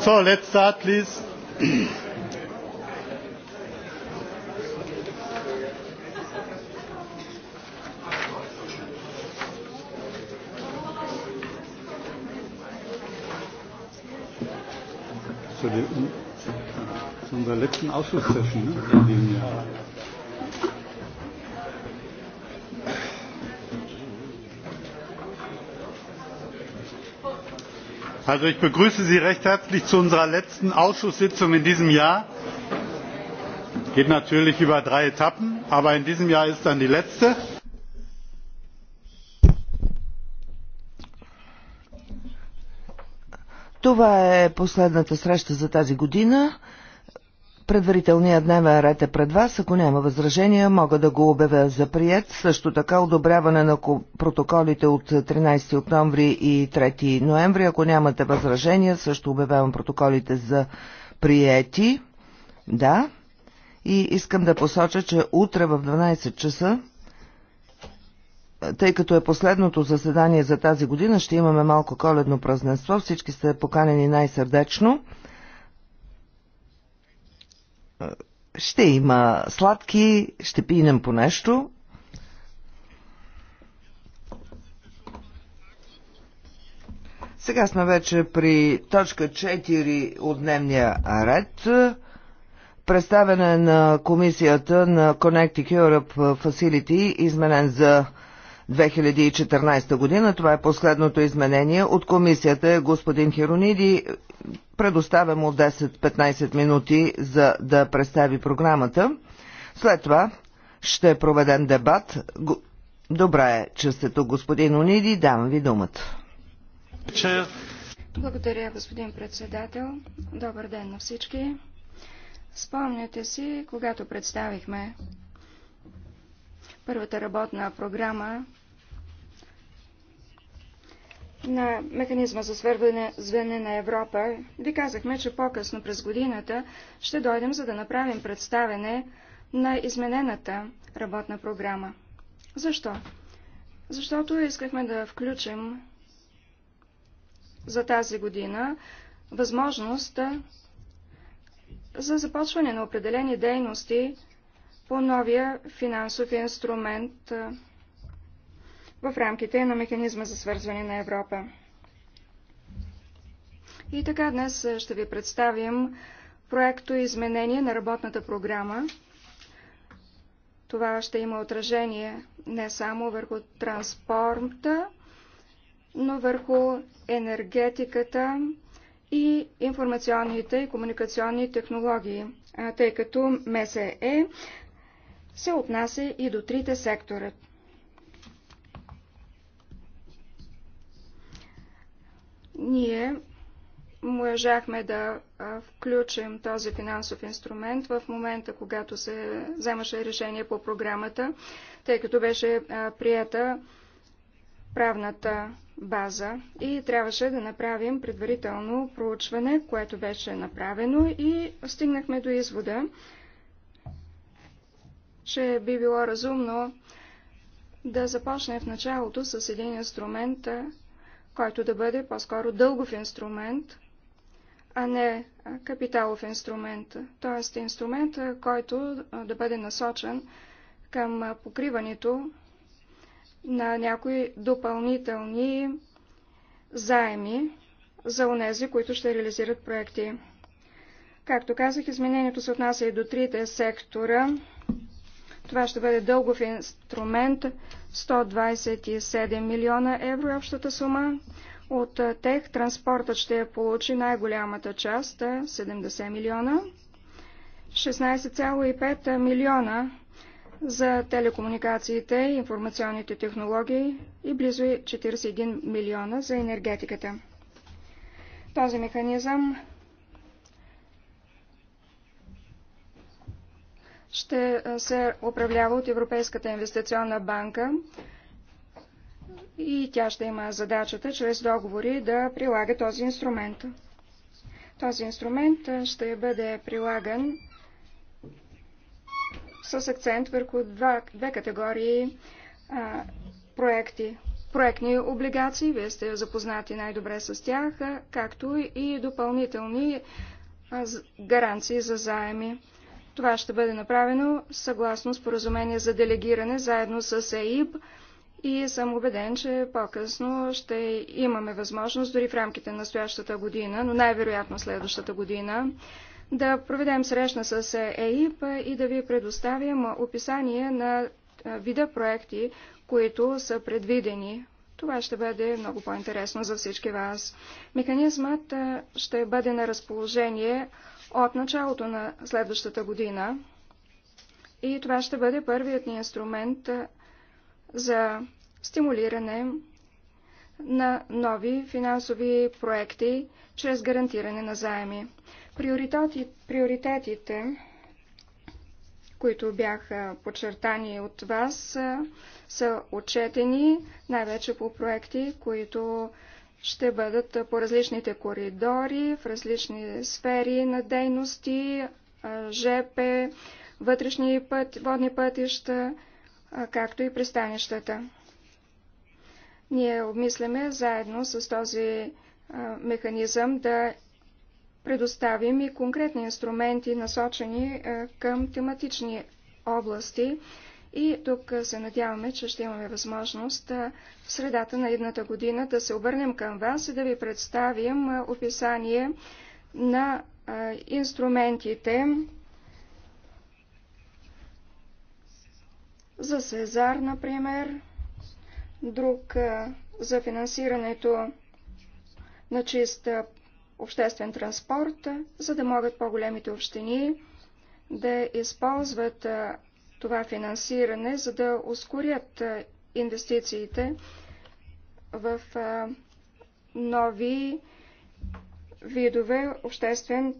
So, let's start, please. Zu, dem, zu unserer letzten Ausschusssession ne, in diesem Jahr. also ich begrüße sie recht herzlich zu unserer letzten ausschusssitzung in diesem jahr. es geht natürlich über drei etappen aber in diesem jahr ist dann die letzte. Това е последната среща за тази година. Предварителният дневен ред е пред вас. Ако няма възражения, мога да го обявя за прият. Също така одобряване на протоколите от 13 октомври и 3 ноември. Ако нямате възражения, също обявявам протоколите за приети. Да. И искам да посоча, че утре в 12 часа тъй като е последното заседание за тази година, ще имаме малко коледно празненство. Всички сте поканени най-сърдечно ще има сладки, ще пинем по нещо. Сега сме вече при точка 4 от дневния ред. Представяне на комисията на Connecticut Europe Facility, изменен за 2014 година. Това е последното изменение. От комисията господин Херониди. Предоставя му 10-15 минути за да представи програмата. След това ще проведем дебат. Добре е, че сте тук, господин Ониди. Дам ви думата. Благодаря, господин председател. Добър ден на всички. Спомняте си, когато представихме първата работна програма на механизма за свързване звене на Европа, ви казахме, че по-късно през годината ще дойдем, за да направим представене на изменената работна програма. Защо? Защото искахме да включим за тази година възможност за започване на определени дейности по новия финансов инструмент – в рамките на механизма за свързване на Европа. И така днес ще ви представим проекто изменение на работната програма. Това ще има отражение не само върху транспорта, но върху енергетиката и информационните и комуникационни технологии, тъй като МСЕ се отнася и до трите сектора. Ние можахме да включим този финансов инструмент в момента, когато се вземаше решение по програмата, тъй като беше прията правната база и трябваше да направим предварително проучване, което беше направено и стигнахме до извода, че би било разумно да започне в началото с един инструмент, който да бъде по-скоро дългов инструмент, а не капиталов инструмент, т.е. инструмент, който да бъде насочен към покриването на някои допълнителни заеми за онези, които ще реализират проекти. Както казах, изменението се отнася и до трите сектора. Това ще бъде дългов инструмент 127 милиона евро е общата сума. От тех транспортът ще получи най-голямата част, 70 милиона. 16,5 милиона за телекомуникациите, информационните технологии и близо 41 милиона за енергетиката. Този механизъм ще се управлява от Европейската инвестиционна банка и тя ще има задачата чрез договори да прилага този инструмент. Този инструмент ще бъде прилаган с акцент върху два, две категории а, проекти. Проектни облигации, вие сте запознати най-добре с тях, както и допълнителни гаранции за заеми. Това ще бъде направено съгласно споразумение за делегиране заедно с ЕИБ и съм убеден, че по-късно ще имаме възможност, дори в рамките на настоящата година, но най-вероятно следващата година, да проведем срещна с ЕИП и да ви предоставим описание на вида проекти, които са предвидени това ще бъде много по-интересно за всички вас. Механизмът ще бъде на разположение от началото на следващата година и това ще бъде първият ни инструмент за стимулиране на нови финансови проекти чрез гарантиране на заеми. Приоритетите които бяха подчертани от вас, са отчетени най-вече по проекти, които ще бъдат по различните коридори, в различни сфери на дейности, ЖП, вътрешни път, водни пътища, както и пристанищата. Ние обмисляме заедно с този механизъм да предоставим и конкретни инструменти, насочени е, към тематични области. И тук е, се надяваме, че ще имаме възможност е, в средата на едната година да се обърнем към вас и да ви представим описание на инструментите за Сезар, например, друг за финансирането на чист обществен транспорт, за да могат по-големите общини да използват това финансиране, за да ускорят инвестициите в нови видове обществен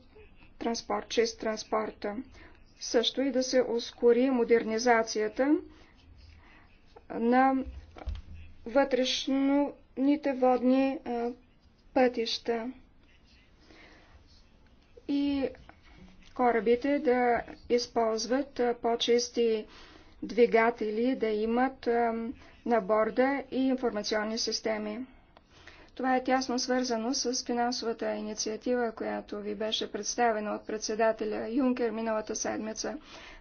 транспорт, чист транспорт. Също и да се ускори модернизацията на вътрешните водни пътища и корабите да използват по-чисти двигатели, да имат на борда и информационни системи. Това е тясно свързано с финансовата инициатива, която ви беше представена от председателя Юнкер миналата седмица.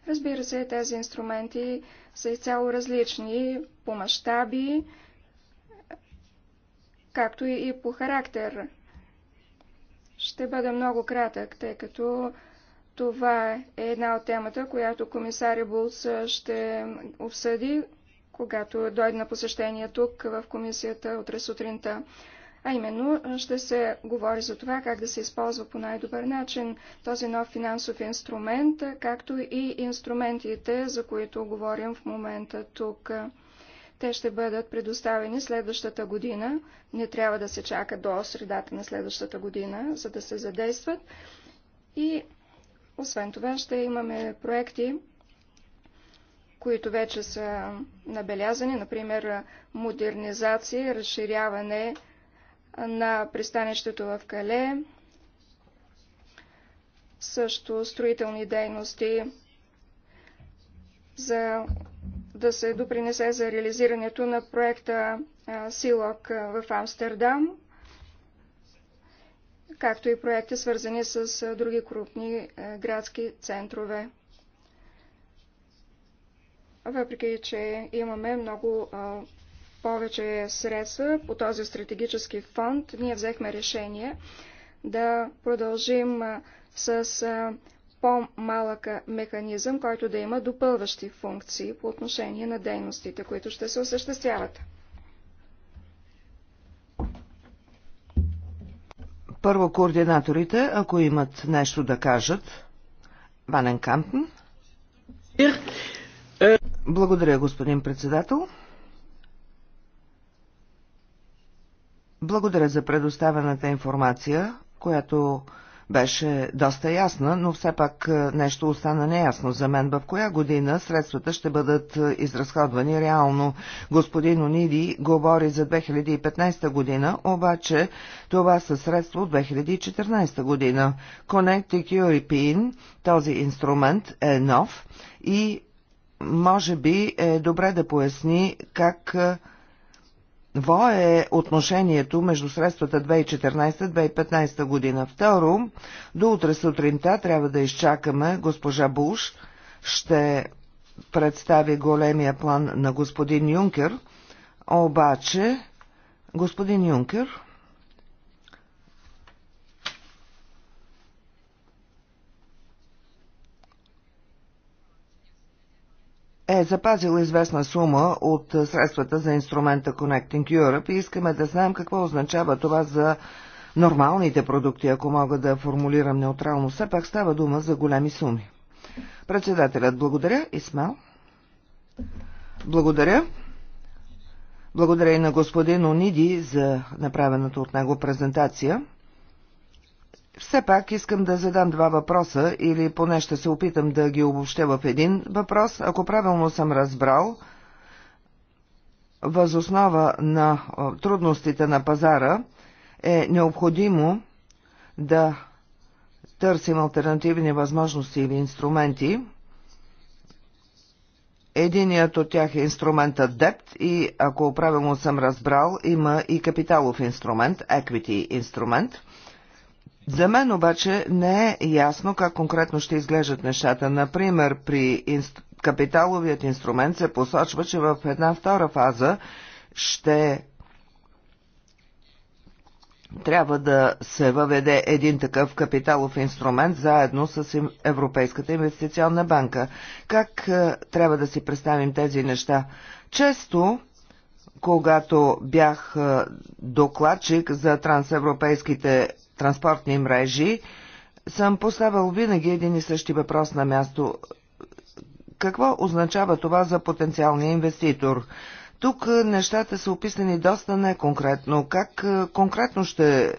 Разбира се, тези инструменти са изцяло различни по мащаби, както и по характер. Ще бъда много кратък, тъй като това е една от темата, която комисаря Булс ще обсъди, когато дойде на посещение тук в комисията утре сутринта. А именно ще се говори за това как да се използва по най-добър начин този нов финансов инструмент, както и инструментите, за които говорим в момента тук. Те ще бъдат предоставени следващата година. Не трябва да се чака до средата на следващата година, за да се задействат. И освен това ще имаме проекти, които вече са набелязани, например модернизация, разширяване на пристанището в Кале, също строителни дейности за да се допринесе за реализирането на проекта СИЛОК в Амстердам, както и проекти свързани с други крупни градски центрове. Въпреки, че имаме много повече средства по този стратегически фонд, ние взехме решение да продължим с по-малък механизъм, който да има допълващи функции по отношение на дейностите, които ще се осъществяват. Първо координаторите, ако имат нещо да кажат. Ванен Кампен. Благодаря, господин председател. Благодаря за предоставената информация, която беше доста ясна, но все пак е, нещо остана неясно за мен. В коя година средствата ще бъдат е, изразходвани реално? Господин Ониди говори за 2015 година, обаче това са средства от 2014 година. Connecting European, този инструмент е нов и може би е добре да поясни как е, Во е отношението между средствата 2014-2015 година? Второ, до утре сутринта трябва да изчакаме госпожа Буш. Ще представи големия план на господин Юнкер, обаче господин Юнкер е запазил известна сума от е, средствата за инструмента Connecting Europe и искаме да знаем какво означава това за нормалните продукти, ако мога да формулирам неутрално. Все пак става дума за големи суми. Председателят, благодаря. Исмел. Благодаря. Благодаря и на господин Ониди за направената от него презентация. Все пак искам да задам два въпроса или поне ще се опитам да ги обобщя в един въпрос. Ако правилно съм разбрал, възоснова на трудностите на пазара е необходимо да търсим альтернативни възможности или инструменти. Единият от тях е инструментът депт и, ако правилно съм разбрал, има и капиталов инструмент, equity инструмент – за мен обаче не е ясно как конкретно ще изглеждат нещата. Например, при инст... капиталовият инструмент се посочва, че в една втора фаза ще трябва да се въведе един такъв капиталов инструмент заедно с Европейската инвестиционна банка. Как е, трябва да си представим тези неща? Често, когато бях е, докладчик за трансевропейските транспортни мрежи, съм поставил винаги един и същи въпрос на място. Какво означава това за потенциалния инвеститор? Тук е, нещата са описани доста неконкретно. Как е, конкретно ще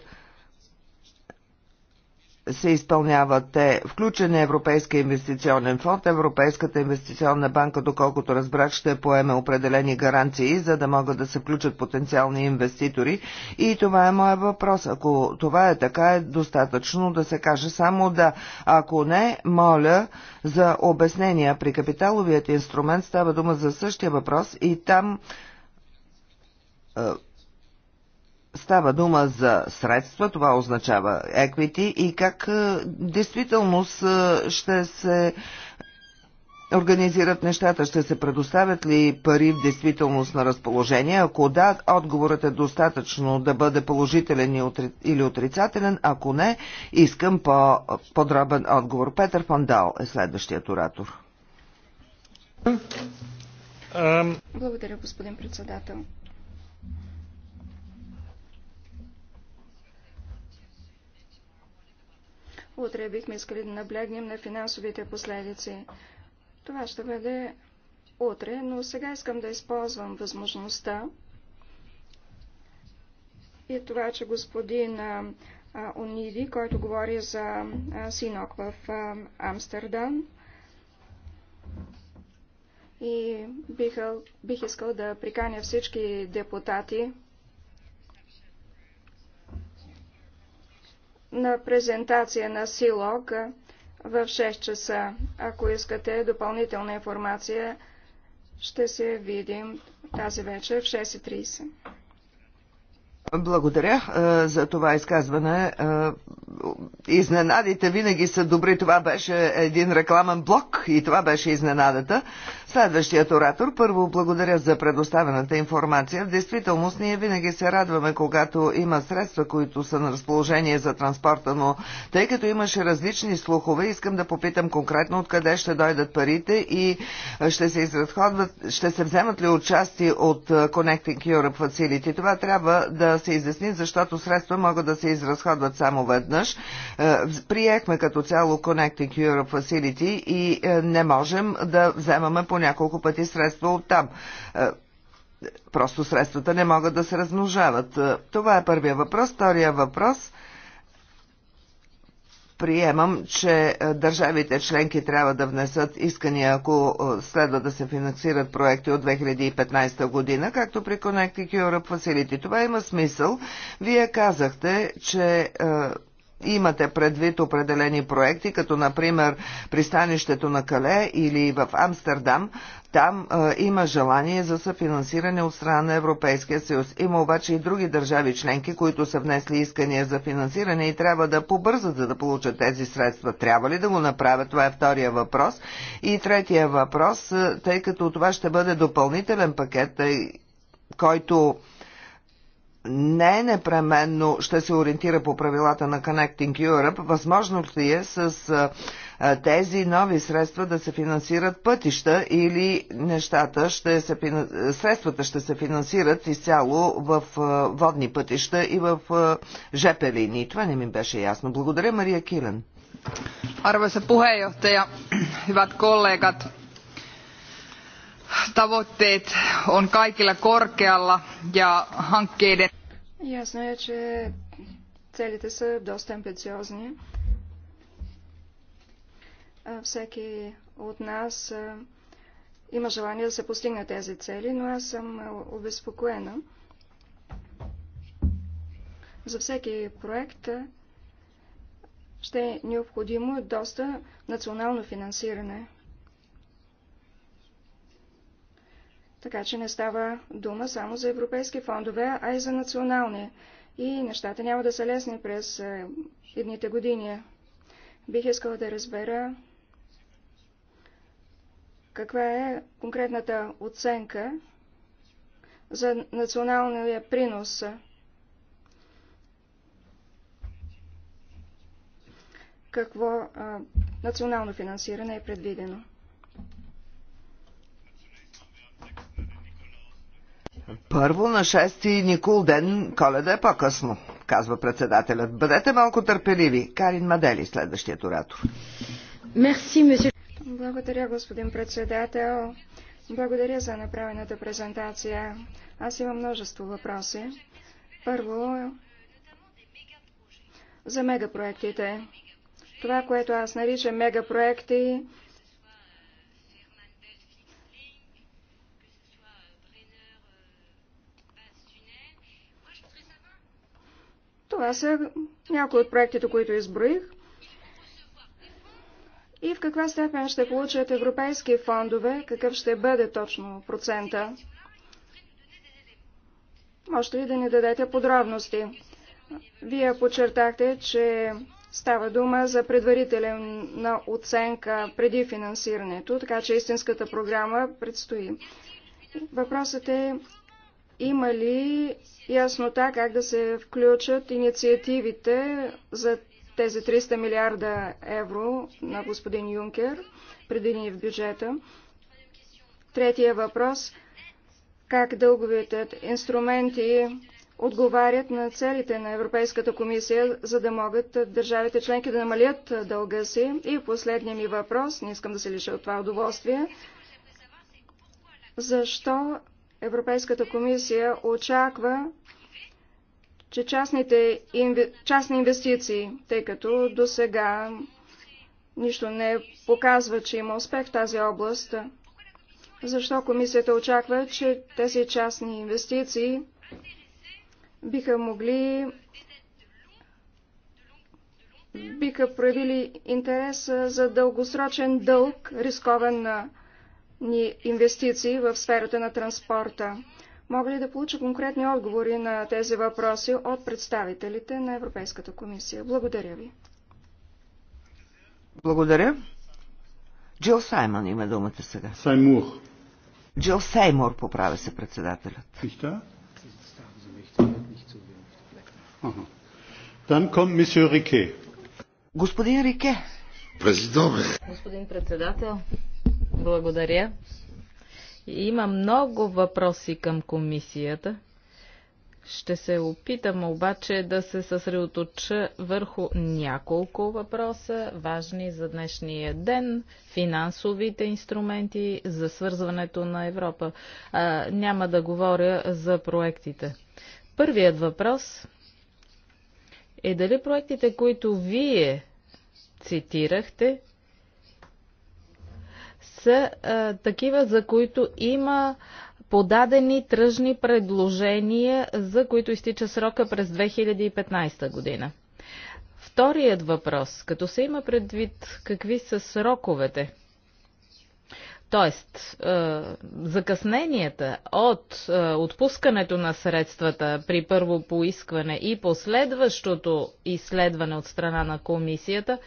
се изпълняват те? Включен е Европейския инвестиционен фонд, Европейската инвестиционна банка, доколкото разбрах, ще поеме определени гаранции, за да могат да се включат потенциални инвеститори. И това е моят въпрос. Ако това е така, е достатъчно да се каже само да. Ако не, моля за обяснения. При капиталовият инструмент става дума за същия въпрос и там е, Става дума за средства, това означава equity и как е, действителност е, ще се организират нещата? Ще се предоставят ли пари в действителност на разположение? Ако да, отговорът е достатъчно да бъде положителен или отрицателен. Ако не, искам по-подробен отговор. Петър Фандал е следващият оратор. Благодаря, господин председател. Утре бихме искали да наблегнем на финансовите последици. Това ще бъде утре, но сега искам да използвам възможността и това, че господин Ониди, който говори за Синок в Амстердам, и бих, бих искал да приканя всички депутати на презентация на СИЛОК в 6 часа. Ако искате допълнителна информация, ще се видим тази вечер в 6.30. Благодаря е, за това изказване. Е, изненадите винаги са добри. Това беше един рекламен блок и това беше изненадата. Следващият оратор, първо благодаря за предоставената информация. В действителност ние винаги се радваме, когато има средства, които са на разположение за транспорта, но тъй като имаше различни слухове, искам да попитам конкретно откъде ще дойдат парите и ще се изразходват, ще се вземат ли участие от Connecting Europe Facility. Това трябва да се изясни, защото средства могат да се изразходват само веднъж. Приехме като цяло Connecting Europe Facility и не можем да вземаме по няколко пъти средства от там. Е, просто средствата не могат да се размножават. Е, това е първия въпрос. Втория въпрос – приемам, че е, държавите членки трябва да внесат искания, ако следва да се финансират проекти от 2015 година, както при Connecting Europe Facility. Това има смисъл. Вие казахте, че имате предвид определени проекти, като например пристанището на Кале или в Амстердам, там а, е, има желание за съфинансиране от страна на Европейския съюз. Има обаче и други държави членки, които са внесли искания за финансиране и трябва да побързат, за да получат тези средства. Трябва ли да го направят? Това е втория въпрос. И третия въпрос, е, тъй като това ще бъде допълнителен пакет, е, който не непременно ще се ориентира по правилата на Connecting Europe. Възможно ли е с тези нови средства да се финансират пътища или нещата ще се, средствата ще се финансират изцяло в водни пътища и в ЖП линии? Това не ми беше ясно. Благодаря, Мария Килен. Arvoisa puheenjohtaja, hyvät kollegat, tavoitteet on kaikilla korkealla ja hankkeiden Ясно е, че целите са доста амбициозни. Всеки от нас има желание да се постигне тези цели, но аз съм обезпокоена. За всеки проект ще е необходимо доста национално финансиране – Така че не става дума само за европейски фондове, а и за национални. И нещата няма да са лесни през е, едните години. Бих искала да разбера каква е конкретната оценка за националния принос. Какво а, национално финансиране е предвидено? Първо на 6 Никол ден, коледа е по-късно, казва председателят. Бъдете малко търпеливи. Карин Мадели, следващият оратор. Мерси, Благодаря, господин председател. Благодаря за направената презентация. Аз имам множество въпроси. Първо, за мегапроектите. Това, което аз наричам мегапроекти, Това са някои от проектите, които изброих. И в каква степен ще получат европейски фондове, какъв ще бъде точно процента? Можете ли да ни дадете подробности? Вие подчертахте, че става дума за предварителна оценка преди финансирането, така че истинската програма предстои. Въпросът е има ли яснота как да се включат инициативите за тези 300 милиарда евро на господин Юнкер, предвидени в бюджета? Третия въпрос – как дълговите инструменти отговарят на целите на Европейската комисия, за да могат държавите членки да намалят дълга си. И последния ми въпрос, не искам да се лиша от това удоволствие, защо Европейската комисия очаква, че частните инве... частни инвестиции, тъй като до сега нищо не показва, че има успех в тази област, защо комисията очаква, че тези частни инвестиции биха могли биха проявили интерес за дългосрочен дълг, рискован ни инвестиции в сферата на транспорта. Мога ли да получа конкретни отговори на тези въпроси от представителите на Европейската комисия? Благодаря ви. Благодаря. Джил Саймон има думата сега. Саймур. Джил Сеймур поправя се председателят. Пихта? Dann kommt Monsieur Riquet. Господин Рике. Президент. Господин председател. Благодаря. Има много въпроси към комисията. Ще се опитам обаче да се съсредоточа върху няколко въпроса, важни за днешния ден, финансовите инструменти за свързването на Европа. А, няма да говоря за проектите. Първият въпрос е дали проектите, които вие цитирахте, са а, такива, за които има подадени тръжни предложения, за които изтича срока през 2015 година. Вторият въпрос, като се има предвид какви са сроковете, т.е. закъсненията от е, отпускането на средствата при първо поискване и последващото изследване от страна на комисията,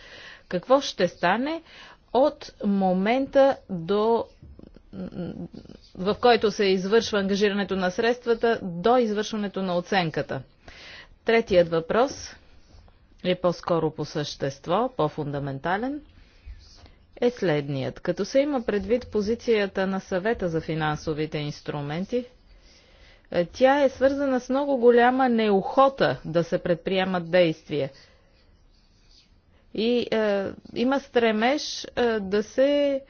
какво ще стане, от момента до в който се извършва ангажирането на средствата до извършването на оценката. Третият въпрос е по-скоро по същество, по-фундаментален, е следният. Като се има предвид позицията на съвета за финансовите инструменти, тя е свързана с много голяма неохота да се предприемат действия – и е, има стремеж е, да се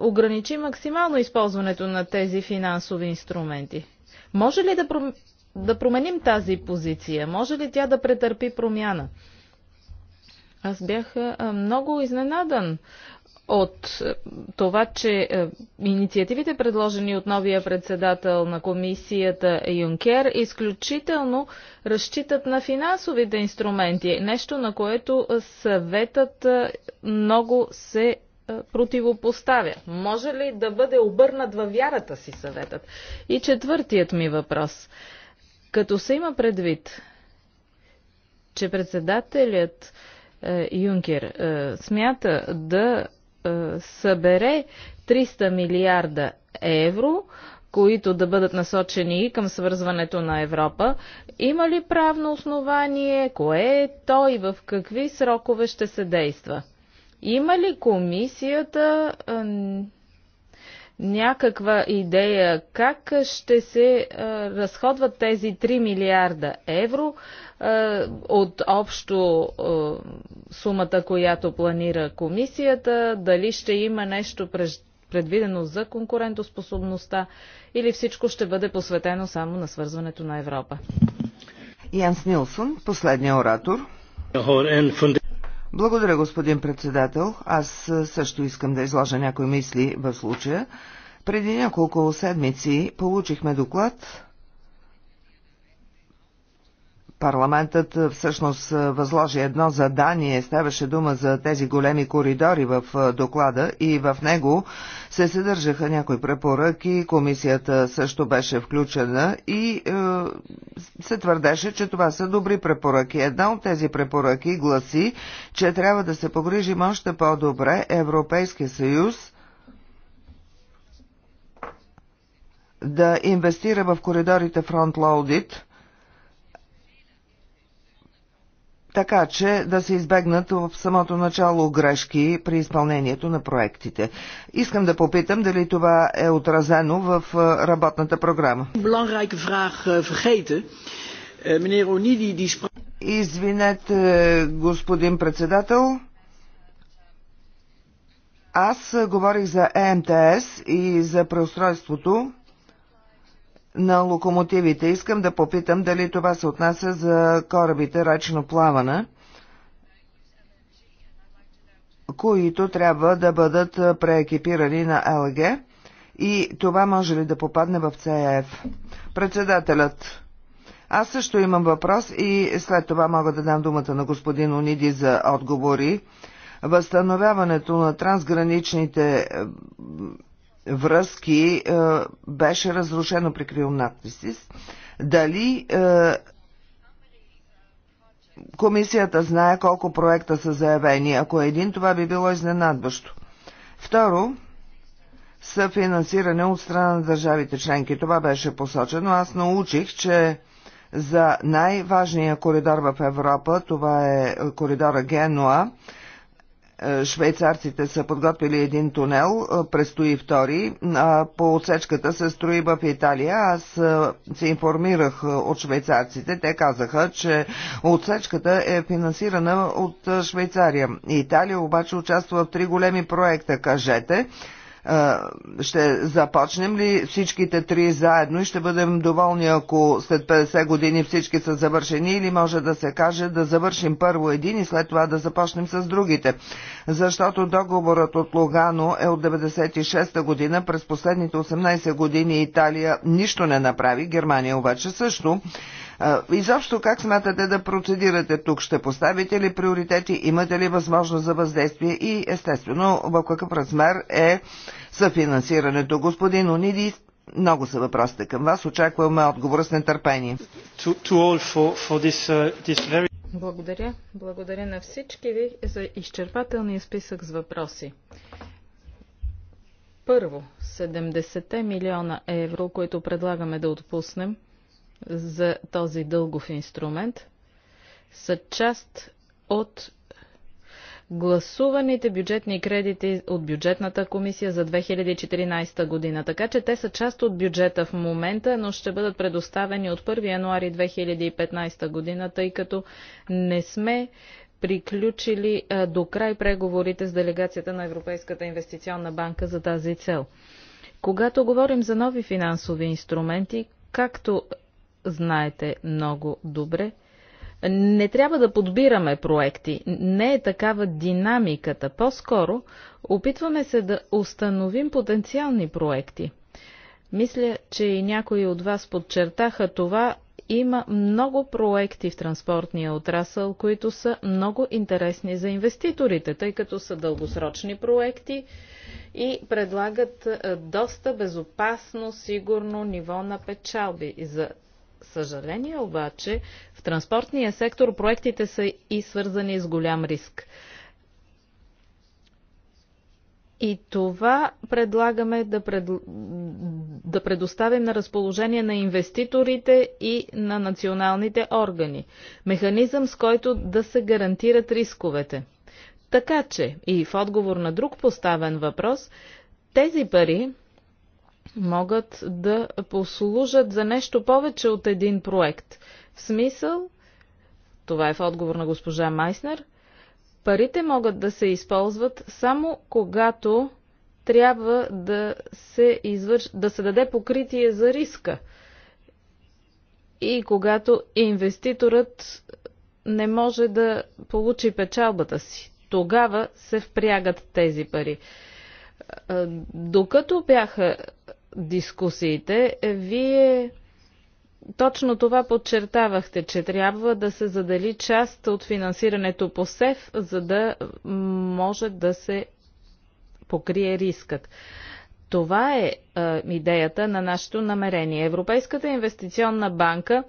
ограничи максимално използването на тези финансови инструменти. Може ли да, пром... да променим тази позиция? Може ли тя да претърпи промяна? Аз бях е, много изненадан от това, че е, инициативите, предложени от новия председател на комисията Юнкер, изключително разчитат на финансовите инструменти, нещо на което съветът е, много се е, противопоставя. Може ли да бъде обърнат във вярата си съветът? И четвъртият ми въпрос. Като се има предвид, че председателят Юнкер смята да е, събере 300 милиарда евро, които да бъдат насочени и към свързването на Европа. Има ли правно основание? Кое е то и в какви срокове ще се действа? Има ли комисията а, е, някаква идея как ще се а, е, разходват тези 3 милиарда евро? Е, от общо е, сумата, която планира комисията, дали ще има нещо предвидено за конкурентоспособността или всичко ще бъде посветено само на свързването на Европа. Янс Нилсон, последния оратор. Благодаря, господин председател. Аз е, също искам да изложа някои мисли в случая. Преди няколко седмици получихме доклад парламентът е, всъщност е, възложи едно задание. Ставаше дума за тези големи коридори в е, доклада и в него се съдържаха някои препоръки. Комисията също беше включена и е, се твърдеше, че това са добри препоръки. Една от тези препоръки гласи, че трябва да се погрижим още по-добре Европейския съюз да инвестира в коридорите фронтлоудит – така че да се избегнат в самото начало грешки при изпълнението на проектите. Искам да попитам дали това е отразено в е, работната програма. Е, е, Извинете, господин председател. Аз говорих за ЕМТС и за преустройството на локомотивите. Искам да попитам дали това се отнася за корабите ръчно плаване, които трябва да бъдат преекипирани на ЛГ и това може ли да попадне в ЦАФ. Е Председателят аз също имам въпрос и след това мога да дам думата на господин Униди за отговори. Възстановяването на трансграничните връзки е, беше разрушено при Крилнатвисис. Дали е, комисията знае колко проекта са заявени? Ако е един, това би било изненадващо. Второ, съфинансиране от страна на държавите членки. Това беше посочено. Аз научих, че за най-важния коридор в Европа, това е коридора Генуа, швейцарците са подготвили един тунел, престои втори. а По отсечката се строи в Италия. Аз се информирах от швейцарците. Те казаха, че отсечката е финансирана от Швейцария. Италия обаче участва в три големи проекта, кажете ще започнем ли всичките три заедно и ще бъдем доволни, ако след 50 години всички са завършени или може да се каже да завършим първо един и след това да започнем с другите. Защото договорът от Логано е от 96-та година. През последните 18 години Италия нищо не направи, Германия обаче също. Изобщо как смятате да процедирате тук? Ще поставите ли приоритети? Имате ли възможност за въздействие? И естествено, в какъв размер е съфинансирането? Господин Ониди, много са въпросите към вас. Очакваме отговора с нетърпение. Uh, Благодаря. Благодаря на всички ви за изчерпателния списък с въпроси. Първо, 70 милиона евро, които предлагаме да отпуснем за този дългов инструмент са част от гласуваните бюджетни кредити от бюджетната комисия за 2014 година. Така че те са част от бюджета в момента, но ще бъдат предоставени от 1 януари 2015 година, тъй като не сме приключили до край преговорите с делегацията на Европейската инвестиционна банка за тази цел. Когато говорим за нови финансови инструменти, както знаете много добре. Не трябва да подбираме проекти. Не е такава динамиката. По-скоро опитваме се да установим потенциални проекти. Мисля, че и някои от вас подчертаха това. Има много проекти в транспортния отрасъл, които са много интересни за инвеститорите, тъй като са дългосрочни проекти и предлагат доста безопасно, сигурно ниво на печалби за съжаление обаче, в транспортния сектор проектите са и свързани с голям риск. И това предлагаме да, пред... да предоставим на разположение на инвеститорите и на националните органи. Механизъм, с който да се гарантират рисковете. Така че, и в отговор на друг поставен въпрос, тези пари могат да послужат за нещо повече от един проект. В смисъл, това е в отговор на госпожа Майснер, парите могат да се използват само когато трябва да се, извърш... да се даде покритие за риска и когато инвеститорът не може да получи печалбата си. Тогава се впрягат тези пари. Докато бяха дискусиите, вие точно това подчертавахте, че трябва да се задели част от финансирането по СЕФ, за да може да се покрие рискът. Това е, е идеята на нашето намерение. Европейската инвестиционна банка е,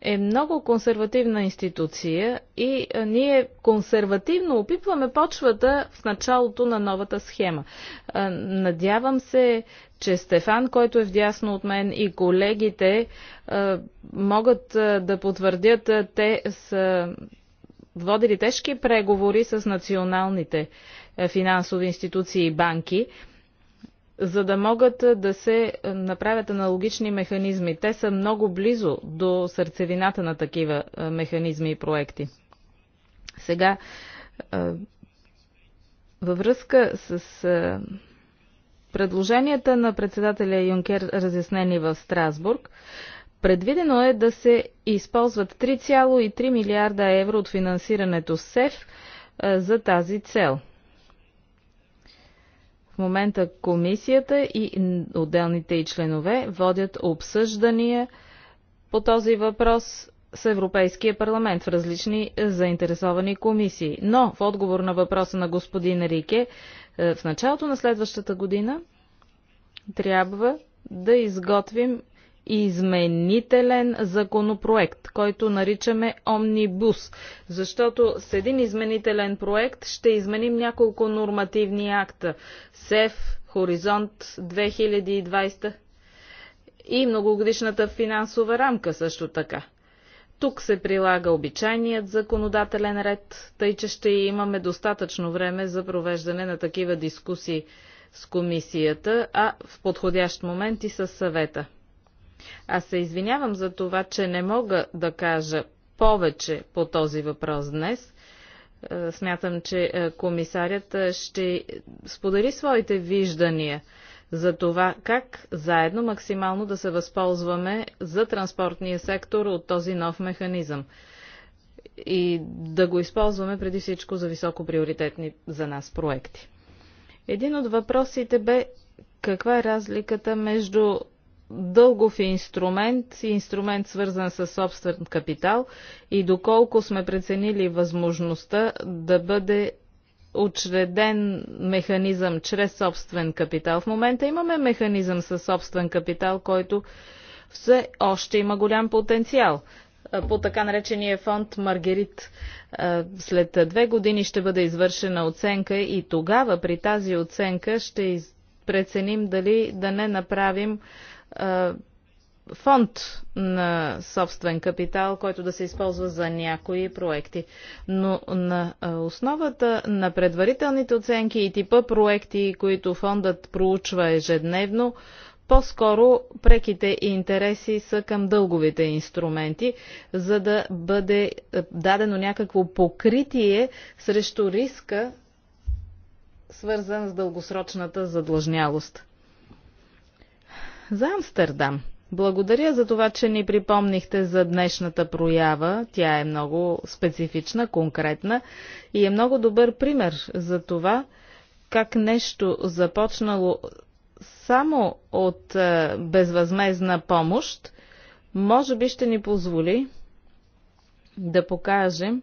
е много консервативна институция и ние консервативно опипваме почвата в началото на новата схема. Надявам се, че Стефан, който е вдясно от мен и колегите могат да потвърдят, те са водили тежки преговори с националните финансови институции и банки за да могат да се направят аналогични механизми. Те са много близо до сърцевината на такива механизми и проекти. Сега, във връзка с предложенията на председателя Юнкер, разяснени в Страсбург, предвидено е да се използват 3,3 милиарда евро от финансирането с СЕФ за тази цел – в момента комисията и отделните и членове водят обсъждания по този въпрос с Европейския парламент в различни е, заинтересовани комисии. Но в отговор на въпроса на господин Рике, е, в началото на следващата година трябва да изготвим изменителен законопроект, който наричаме Омнибус, защото с един изменителен проект ще изменим няколко нормативни акта. СЕФ, Хоризонт 2020 и многогодишната финансова рамка също така. Тук се прилага обичайният законодателен ред, тъй че ще имаме достатъчно време за провеждане на такива дискусии с комисията, а в подходящ момент и с съвета. Аз се извинявам за това, че не мога да кажа повече по този въпрос днес. Е, смятам, че е, комисарят е, ще сподели своите виждания за това как заедно максимално да се възползваме за транспортния сектор от този нов механизъм и да го използваме преди всичко за високо приоритетни за нас проекти. Един от въпросите бе каква е разликата между дългов инструмент, инструмент свързан с собствен капитал и доколко сме преценили възможността да бъде учреден механизъм чрез собствен капитал. В момента имаме механизъм със собствен капитал, който все още има голям потенциал по така наречения фонд Маргерит. След две години ще бъде извършена оценка и тогава при тази оценка ще преценим дали да не направим фонд на собствен капитал, който да се използва за някои проекти. Но на основата на предварителните оценки и типа проекти, които фондът проучва ежедневно, по-скоро преките интереси са към дълговите инструменти, за да бъде дадено някакво покритие срещу риска, свързан с дългосрочната задлъжнялост за Амстердам. Благодаря за това, че ни припомнихте за днешната проява. Тя е много специфична, конкретна и е много добър пример за това, как нещо започнало само от е, безвъзмезна помощ, може би ще ни позволи да покажем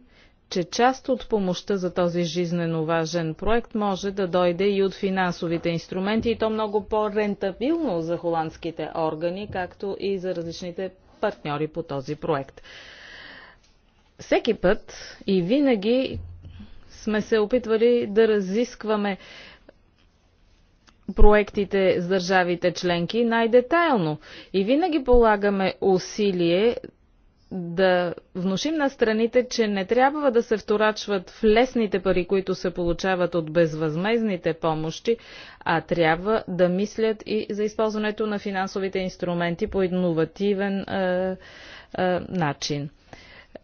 че част от помощта за този жизненно важен проект може да дойде и от финансовите инструменти и то много по-рентабилно за холандските органи, както и за различните партньори по този проект. Всеки път и винаги сме се опитвали да разискваме проектите с държавите членки най-детайлно и винаги полагаме усилие да внушим на страните, че не трябва да се вторачват в лесните пари, които се получават от безвъзмезните помощи, а трябва да мислят и за използването на финансовите инструменти по иновативен е, е, начин.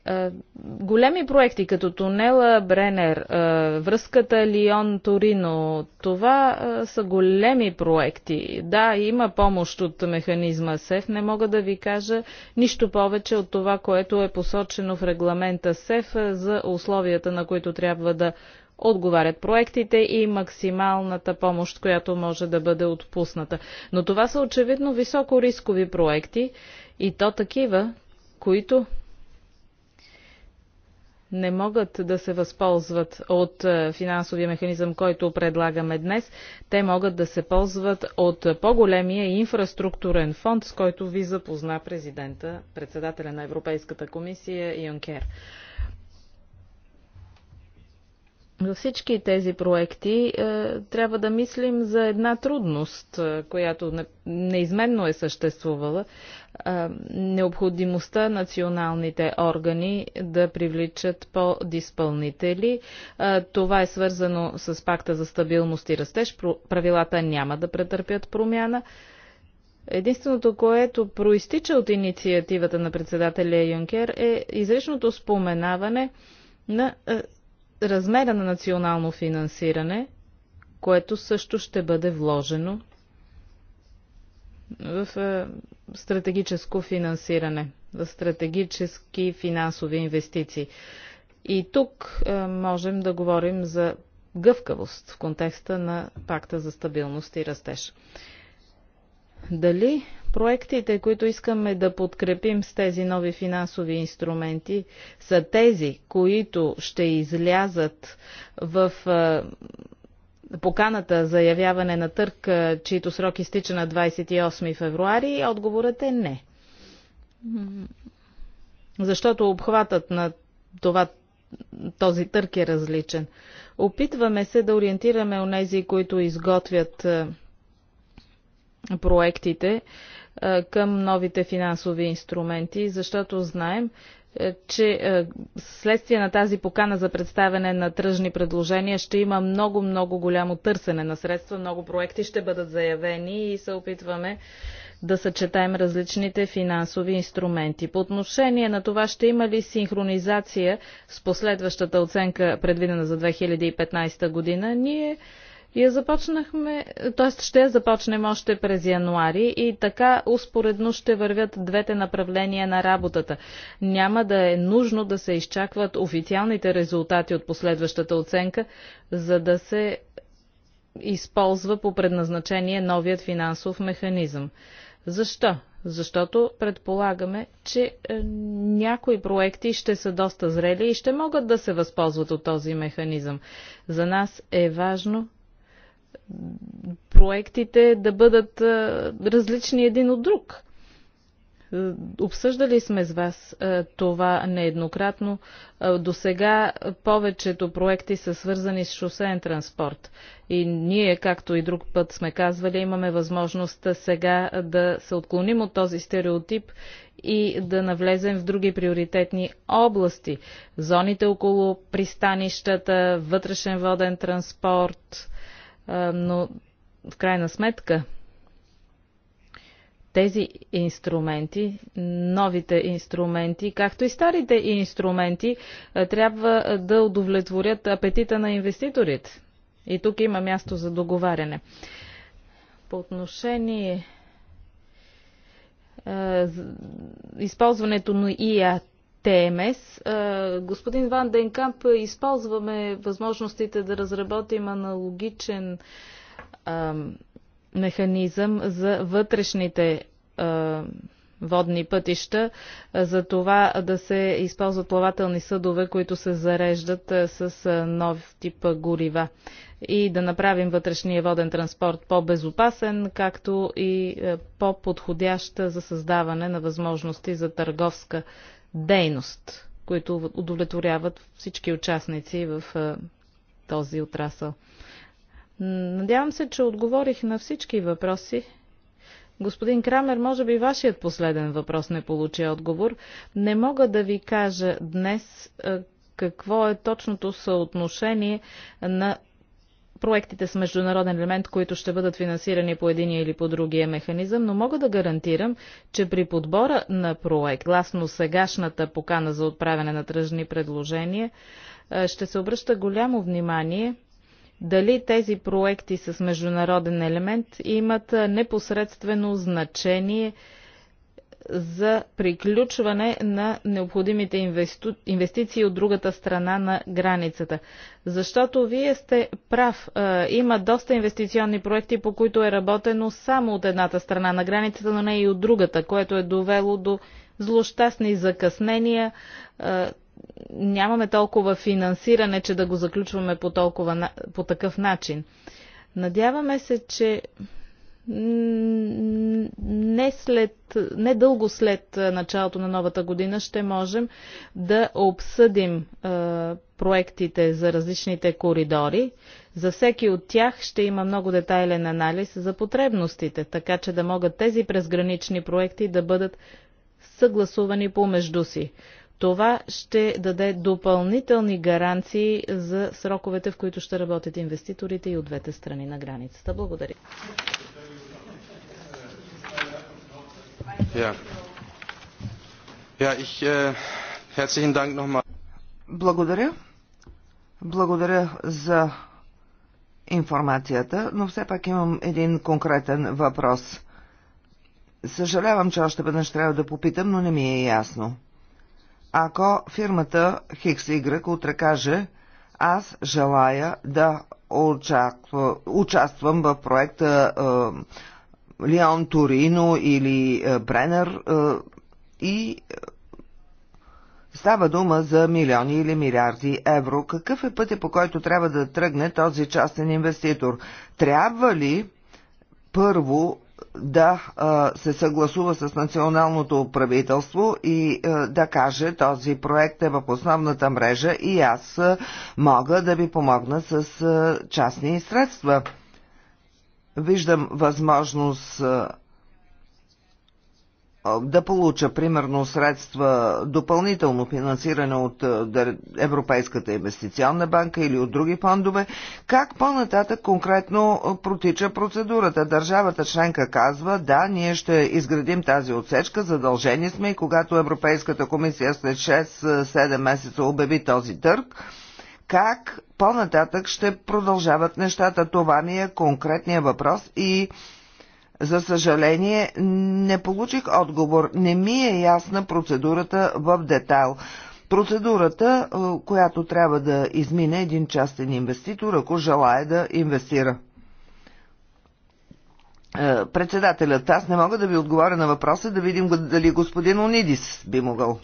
Е, големи проекти, като тунела Бренер, е, връзката Лион-Торино, това е, са големи проекти. Да, има помощ от механизма СЕФ. Не мога да ви кажа нищо повече от това, което е посочено в регламента СЕФ за условията, на които трябва да отговарят проектите и максималната помощ, която може да бъде отпусната. Но това са очевидно високо рискови проекти и то такива, които не могат да се възползват от е, финансовия механизъм, който предлагаме днес. Те могат да се ползват от по-големия инфраструктурен фонд, с който ви запозна президента, председателя на Европейската комисия Юнкер. Във всички тези проекти е, трябва да мислим за една трудност, е, която не, неизменно е съществувала, необходимостта националните органи да привличат подиспълнители. Това е свързано с пакта за стабилност и растеж. Правилата няма да претърпят промяна. Единственото, което проистича от инициативата на председателя Юнкер е изричното споменаване на размера на национално финансиране, което също ще бъде вложено в е, стратегическо финансиране, в стратегически финансови инвестиции. И тук е, можем да говорим за гъвкавост в контекста на пакта за стабилност и растеж. Дали проектите, които искаме да подкрепим с тези нови финансови инструменти, са тези, които ще излязат в е, поканата за явяване на търк, чието срок изтича на 28 февруари? Отговорът е не. Защото обхватът на това, този търк е различен. Опитваме се да ориентираме онези, които изготвят проектите към новите финансови инструменти, защото знаем, е, че е, следствие на тази покана за представяне на тръжни предложения ще има много, много голямо търсене на средства. Много проекти ще бъдат заявени и се опитваме да съчетаем различните финансови инструменти. По отношение на това ще има ли синхронизация с последващата оценка, предвидена за 2015 година, ние и я започнахме, т.е. ще я започнем още през януари и така успоредно ще вървят двете направления на работата. Няма да е нужно да се изчакват официалните резултати от последващата оценка, за да се използва по предназначение новият финансов механизъм. Защо? Защото предполагаме, че е, някои проекти ще са доста зрели и ще могат да се възползват от този механизъм. За нас е важно проектите да бъдат различни един от друг. Е, обсъждали сме с вас е, това нееднократно. Е, до сега повечето проекти са свързани с шосеен транспорт. И ние, както и друг път сме казвали, имаме възможност сега да се отклоним от този стереотип и да навлезем в други приоритетни области. Зоните около пристанищата, вътрешен воден транспорт, но в крайна сметка тези инструменти, новите инструменти, както и старите инструменти, трябва да удовлетворят апетита на инвеститорите. И тук има място за договаряне. По отношение е, използването на ИАТ ТМС. Господин Ван Денкамп, използваме възможностите да разработим аналогичен механизъм за вътрешните водни пътища, за това да се използват плавателни съдове, които се зареждат с нов тип горива и да направим вътрешния воден транспорт по-безопасен, както и по-подходящ за създаване на възможности за търговска дейност, които удовлетворяват всички участници в този отрасъл. Надявам се, че отговорих на всички въпроси. Господин Крамер, може би вашият последен въпрос не получи отговор. Не мога да ви кажа днес какво е точното съотношение на проектите с международен елемент, които ще бъдат финансирани по един или по другия механизъм, но мога да гарантирам, че при подбора на проект, гласно сегашната покана за отправяне на тръжни предложения, ще се обръща голямо внимание дали тези проекти с международен елемент имат непосредствено значение за приключване на необходимите инвестиции от другата страна на границата. Защото вие сте прав. Има доста инвестиционни проекти, по които е работено само от едната страна на границата, но не и от другата, което е довело до злощастни закъснения. Нямаме толкова финансиране, че да го заключваме по, толкова, по такъв начин. Надяваме се, че не, след, не дълго след началото на новата година ще можем да обсъдим е, проектите за различните коридори. За всеки от тях ще има много детайлен анализ за потребностите, така че да могат тези презгранични проекти да бъдат съгласувани помежду си. Това ще даде допълнителни гаранции за сроковете, в които ще работят инвеститорите и от двете страни на границата. Благодаря. Äh, Благодаря. Благодаря за информацията, но все пак имам един конкретен въпрос. Съжалявам, че още веднъж трябва да попитам, но не ми е ясно. Ако фирмата XY утре каже, аз желая да участвам в проекта е, Лион Торино или е, Бренер е, и е, Става дума за милиони или милиарди евро. Какъв е пътя, по който трябва да тръгне този частен инвеститор? Трябва ли първо да се съгласува с националното правителство и да каже този проект е в основната мрежа и аз мога да ви помогна с частни средства? виждам възможност да получа примерно средства, допълнително финансиране от Европейската инвестиционна банка или от други фондове, как по-нататък конкретно протича процедурата. Държавата членка казва, да, ние ще изградим тази отсечка, задължени сме и когато Европейската комисия след 6-7 месеца обяви този търг, как по-нататък ще продължават нещата. Това ми е конкретния въпрос и за съжаление не получих отговор. Не ми е ясна процедурата в детайл. Процедурата, е, която трябва да измине един частен инвеститор, ако желая да инвестира. Е, председателят, аз не мога да ви отговоря на въпроса, да видим дали господин Онидис би могъл.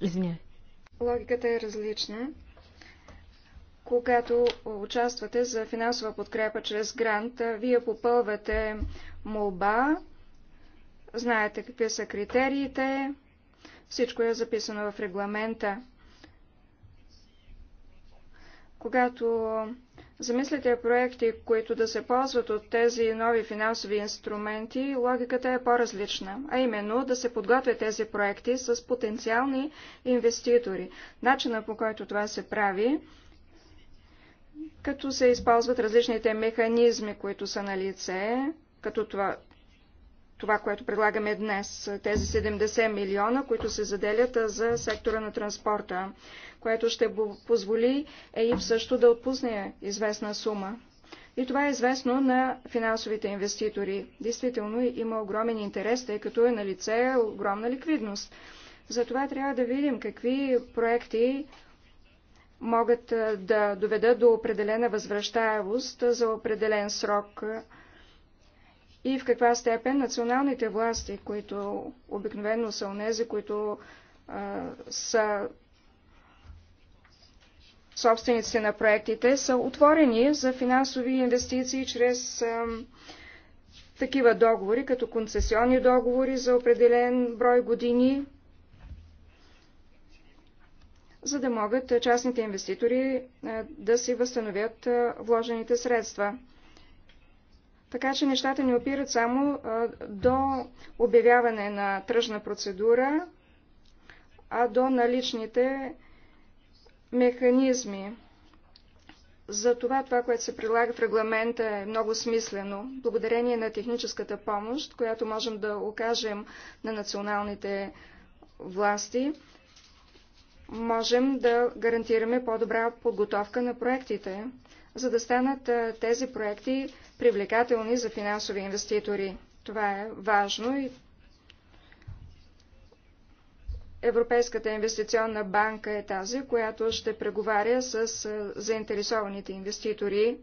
Извинявай логиката е различна. Когато участвате за финансова подкрепа чрез грант, вие попълвате молба, знаете какви са критериите, всичко е записано в регламента. Когато Замислите проекти, които да се ползват от тези нови финансови инструменти, логиката е по-различна, а именно да се подготвят тези проекти с потенциални инвеститори. Начина по който това се прави, като се използват различните механизми, които са на лице, като това, това, което предлагаме днес, тези 70 милиона, които се заделят за сектора на транспорта, което ще позволи ЕИП също да отпусне известна сума. И това е известно на финансовите инвеститори. Действително има огромен интерес, тъй като е на лице огромна ликвидност. Затова трябва да видим какви проекти могат да доведат до определена възвръщаемост за определен срок – и в каква степен националните власти, които обикновено са онези, които а, са собствениците на проектите, са отворени за финансови инвестиции чрез а, такива договори, като концесионни договори за определен брой години, за да могат частните инвеститори да си възстановят вложените средства. Така че нещата не опират само до обявяване на тръжна процедура, а до наличните механизми. Затова това, което се прилага в регламента е много смислено. Благодарение на техническата помощ, която можем да окажем на националните власти, можем да гарантираме по-добра подготовка на проектите, за да станат тези проекти привлекателни за финансови инвеститори. Това е важно и Европейската инвестиционна банка е тази, която ще преговаря с заинтересованите инвеститори,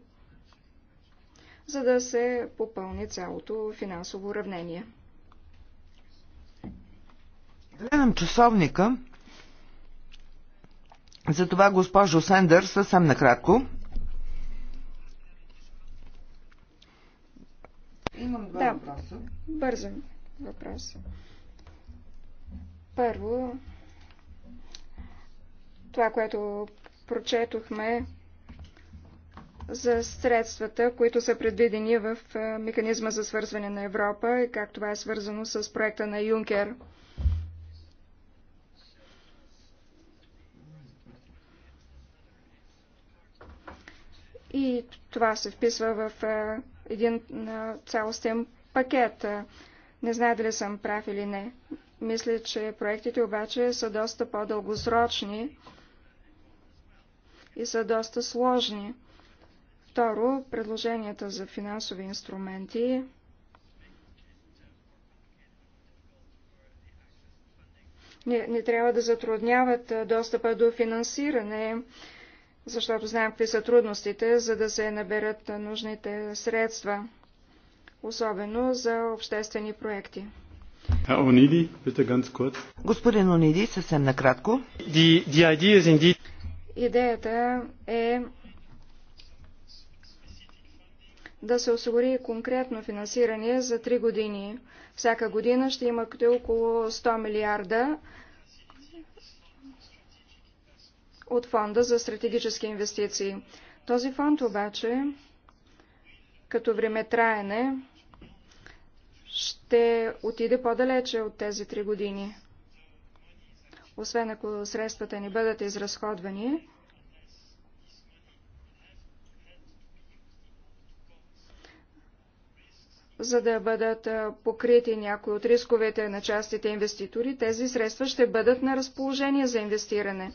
за да се попълни цялото финансово уравнение. Гледам часовника. Затова, госпожо Сендър, съвсем накратко. Имам два да, въпроса. Бързо е въпрос. Първо, това, което прочетохме за средствата, които са предвидени в механизма за свързване на Европа и как това е свързано с проекта на Юнкер. И това се вписва в един цялостен пакет. Не знае дали съм прав или не. Мисля, че проектите обаче са доста по-дългосрочни и са доста сложни. Второ, предложенията за финансови инструменти не, не трябва да затрудняват достъпа до финансиране защото знаем какви са трудностите, за да се наберат нужните средства, особено за обществени проекти. Ониди, Господин Ониди, съвсем накратко. indeed... Идеята е да се осигури конкретно финансиране за три години. Всяка година ще имате около 100 милиарда от Фонда за стратегически инвестиции. Този фонд обаче, като време траене, ще отиде по-далече от тези три години. Освен ако средствата ни бъдат изразходвани, за да бъдат покрити някои от рисковете на частите инвеститори, тези средства ще бъдат на разположение за инвестиране.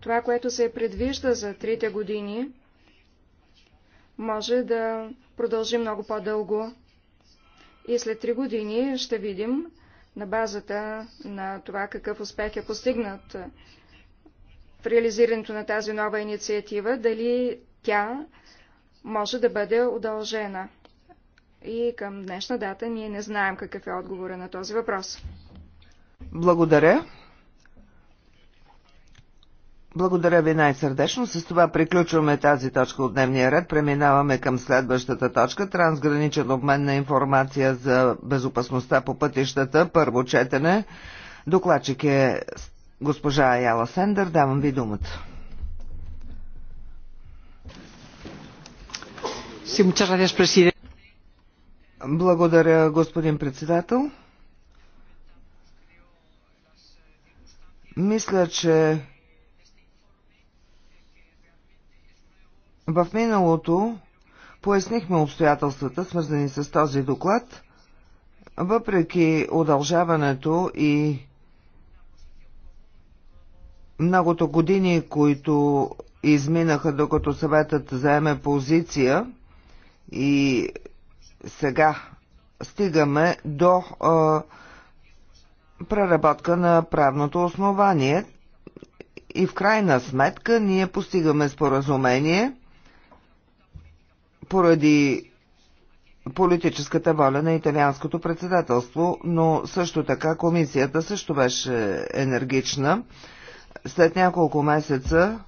Това, което се предвижда за трите години, може да продължи много по-дълго. И след три години ще видим на базата на това какъв успех е постигнат в реализирането на тази нова инициатива, дали тя може да бъде удължена. И към днешна дата ние не знаем какъв е отговора на този въпрос. Благодаря. Благодаря ви най-сърдечно. С това приключваме тази точка от дневния ред. Преминаваме към следващата точка. Трансграничен обмен на информация за безопасността по пътищата. Първо четене. Докладчик е госпожа Аяла Сендър. Давам ви думата. Благодаря, господин председател. Мисля, че В миналото пояснихме обстоятелствата, свързани с този доклад, въпреки удължаването и многото години, които изминаха докато съветът заеме позиция и сега стигаме до а, преработка на правното основание и в крайна сметка ние постигаме споразумение – поради политическата воля на италианското председателство, но също така комисията също беше енергична. След няколко месеца,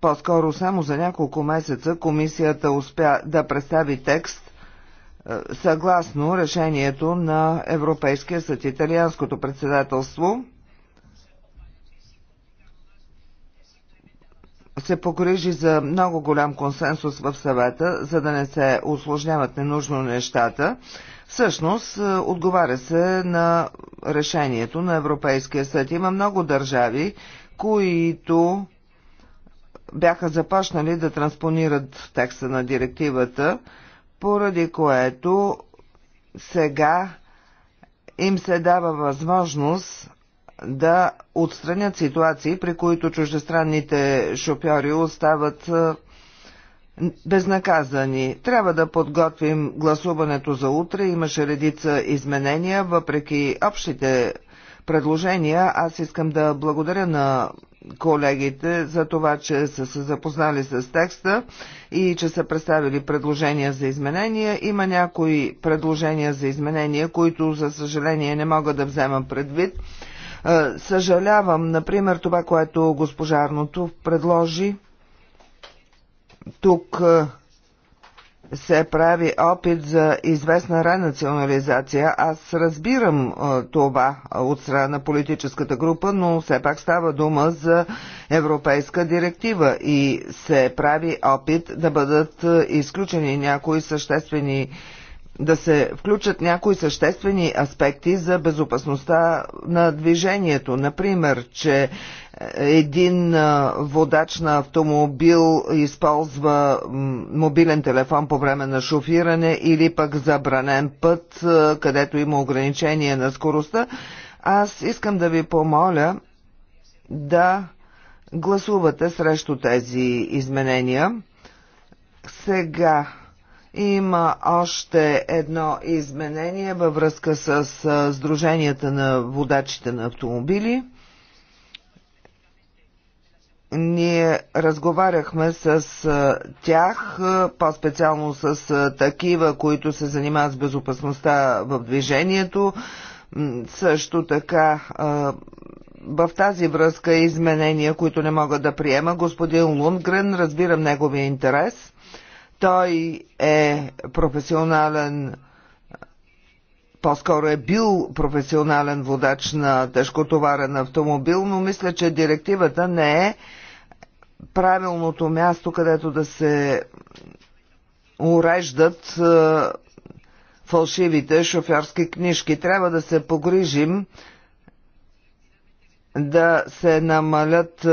по-скоро само за няколко месеца, комисията успя да представи текст е, съгласно решението на Европейския съд италианското председателство – се погрижи за много голям консенсус в съвета, за да не се осложняват ненужно нещата, всъщност е, отговаря се на решението на Европейския съд. Има много държави, които бяха започнали да транспонират текста на директивата, поради което сега им се дава възможност да отстранят ситуации, при които чуждестранните шофьори остават е, безнаказани. Трябва да подготвим гласуването за утре. Имаше редица изменения, въпреки общите предложения. Аз искам да благодаря на колегите за това, че са се запознали с текста и че са представили предложения за изменения. Има някои предложения за изменения, които за съжаление не мога да взема предвид. Е, съжалявам, например, това, което госпожа Арнотов предложи. Тук е, се прави опит за известна ренационализация. Аз разбирам е, това от страна на политическата група, но все пак става дума за европейска директива и се прави опит да бъдат изключени някои съществени да се включат някои съществени аспекти за безопасността на движението. Например, че е, един водач на автомобил използва мобилен телефон по време на шофиране или пък забранен път, където има ограничение на скоростта. Аз искам да ви помоля да гласувате срещу тези изменения. Сега има още едно изменение във връзка с Сдруженията на водачите на автомобили. Ние разговаряхме с тях, по-специално с такива, които се занимават с безопасността в движението. Също така в тази връзка изменения, които не мога да приема, господин Лунгрен, разбирам неговия интерес – той е професионален по-скоро е бил професионален водач на тежкотоварен автомобил, но мисля, че директивата не е правилното място, където да се уреждат фалшивите шофьорски книжки. Трябва да се погрижим да се намалят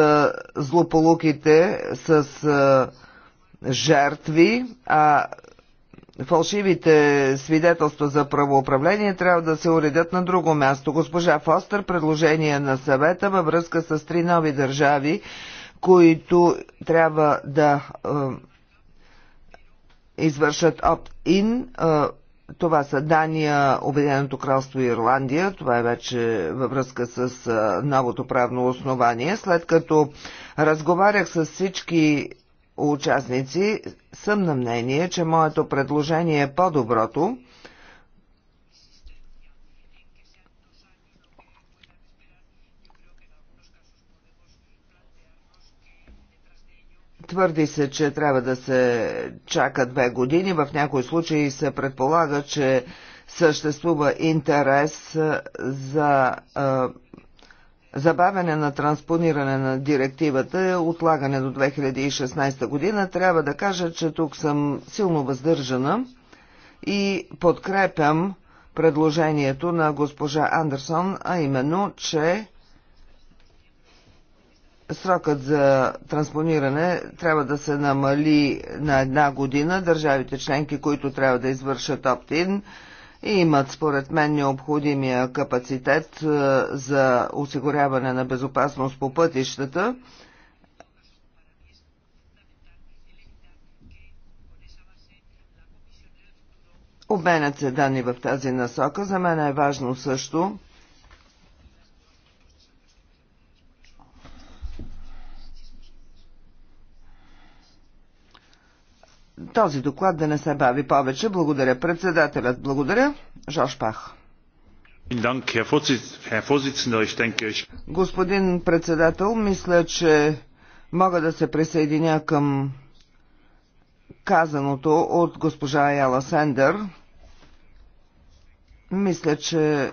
злополуките с жертви, а фалшивите свидетелства за правоуправление трябва да се уредят на друго място. Госпожа Фостер, предложение на съвета във връзка с три нови държави, които трябва да е, извършат опт-ин. Е, това са Дания, Обединеното кралство и Ирландия. Това е вече във връзка с новото правно основание. След като разговарях с всички участници, съм на мнение, че моето предложение е по-доброто. Твърди се, че трябва да се чака две години. В някои случаи се предполага, че съществува интерес за забавяне на транспониране на директивата е отлагане до 2016 година. Трябва да кажа, че тук съм силно въздържана и подкрепям предложението на госпожа Андерсон, а именно, че срокът за транспониране трябва да се намали на една година. Държавите членки, които трябва да извършат оптин, имат според мен необходимия капацитет е, за осигуряване на безопасност по пътищата. Обменят се данни в тази насока. За мен е важно също този доклад да не се бави повече. Благодаря. Председателят, благодаря. Жош Пах. Господин председател, мисля, че мога да се присъединя към казаното от госпожа Яла Сендер. Мисля, че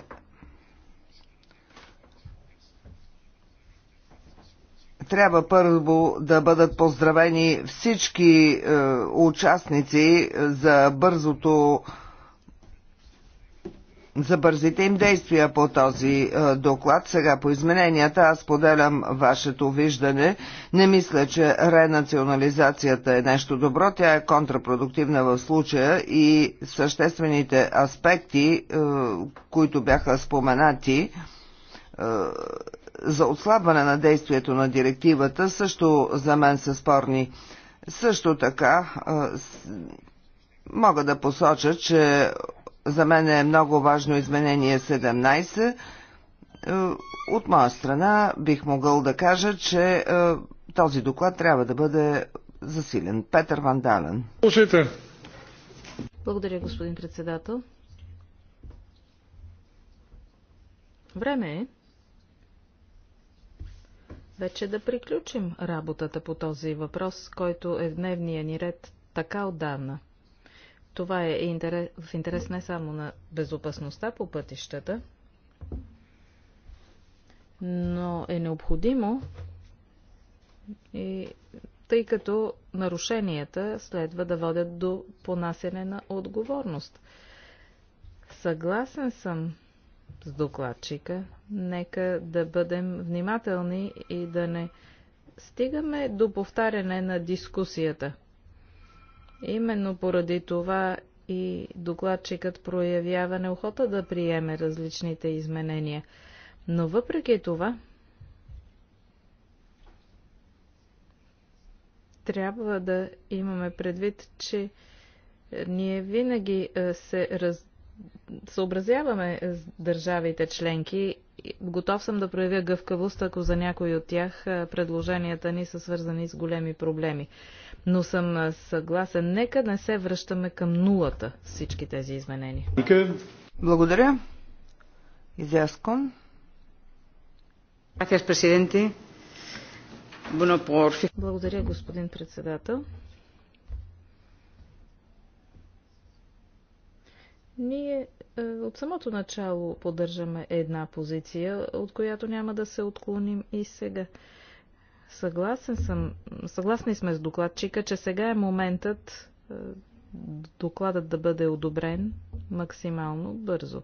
трябва първо да бъдат поздравени всички е, участници за бързото за бързите им действия по този е, доклад. Сега по измененията аз поделям вашето виждане. Не мисля, че ренационализацията е нещо добро. Тя е контрапродуктивна в случая и съществените аспекти, е, които бяха споменати, е, за отслабване на действието на директивата също за мен са спорни. Също така мога да посоча, че за мен е много важно изменение 17. От моя страна бих могъл да кажа, че този доклад трябва да бъде засилен. Петър Вандален. Благодаря, господин председател. Време е вече да приключим работата по този въпрос, който е в дневния ни ред така отдавна. Това е интерес, в интерес не само на безопасността по пътищата, но е необходимо и тъй като нарушенията следва да водят до понасене на отговорност. Съгласен съм с докладчика. Нека да бъдем внимателни и да не стигаме до повтаряне на дискусията. Именно поради това и докладчикът проявява неохота да приеме различните изменения. Но въпреки това, трябва да имаме предвид, че ние винаги се раз съобразяваме с държавите членки. Готов съм да проявя гъвкавост, ако за някои от тях предложенията ни са свързани с големи проблеми. Но съм съгласен, нека не се връщаме към нулата всички тези изменения. Благодаря. Изяскон. Благодаря, господин председател. Ние е, от самото начало поддържаме една позиция, от която няма да се отклоним и сега. Съгласен съм, съгласни сме с докладчика, че сега е моментът е, докладът да бъде одобрен максимално бързо.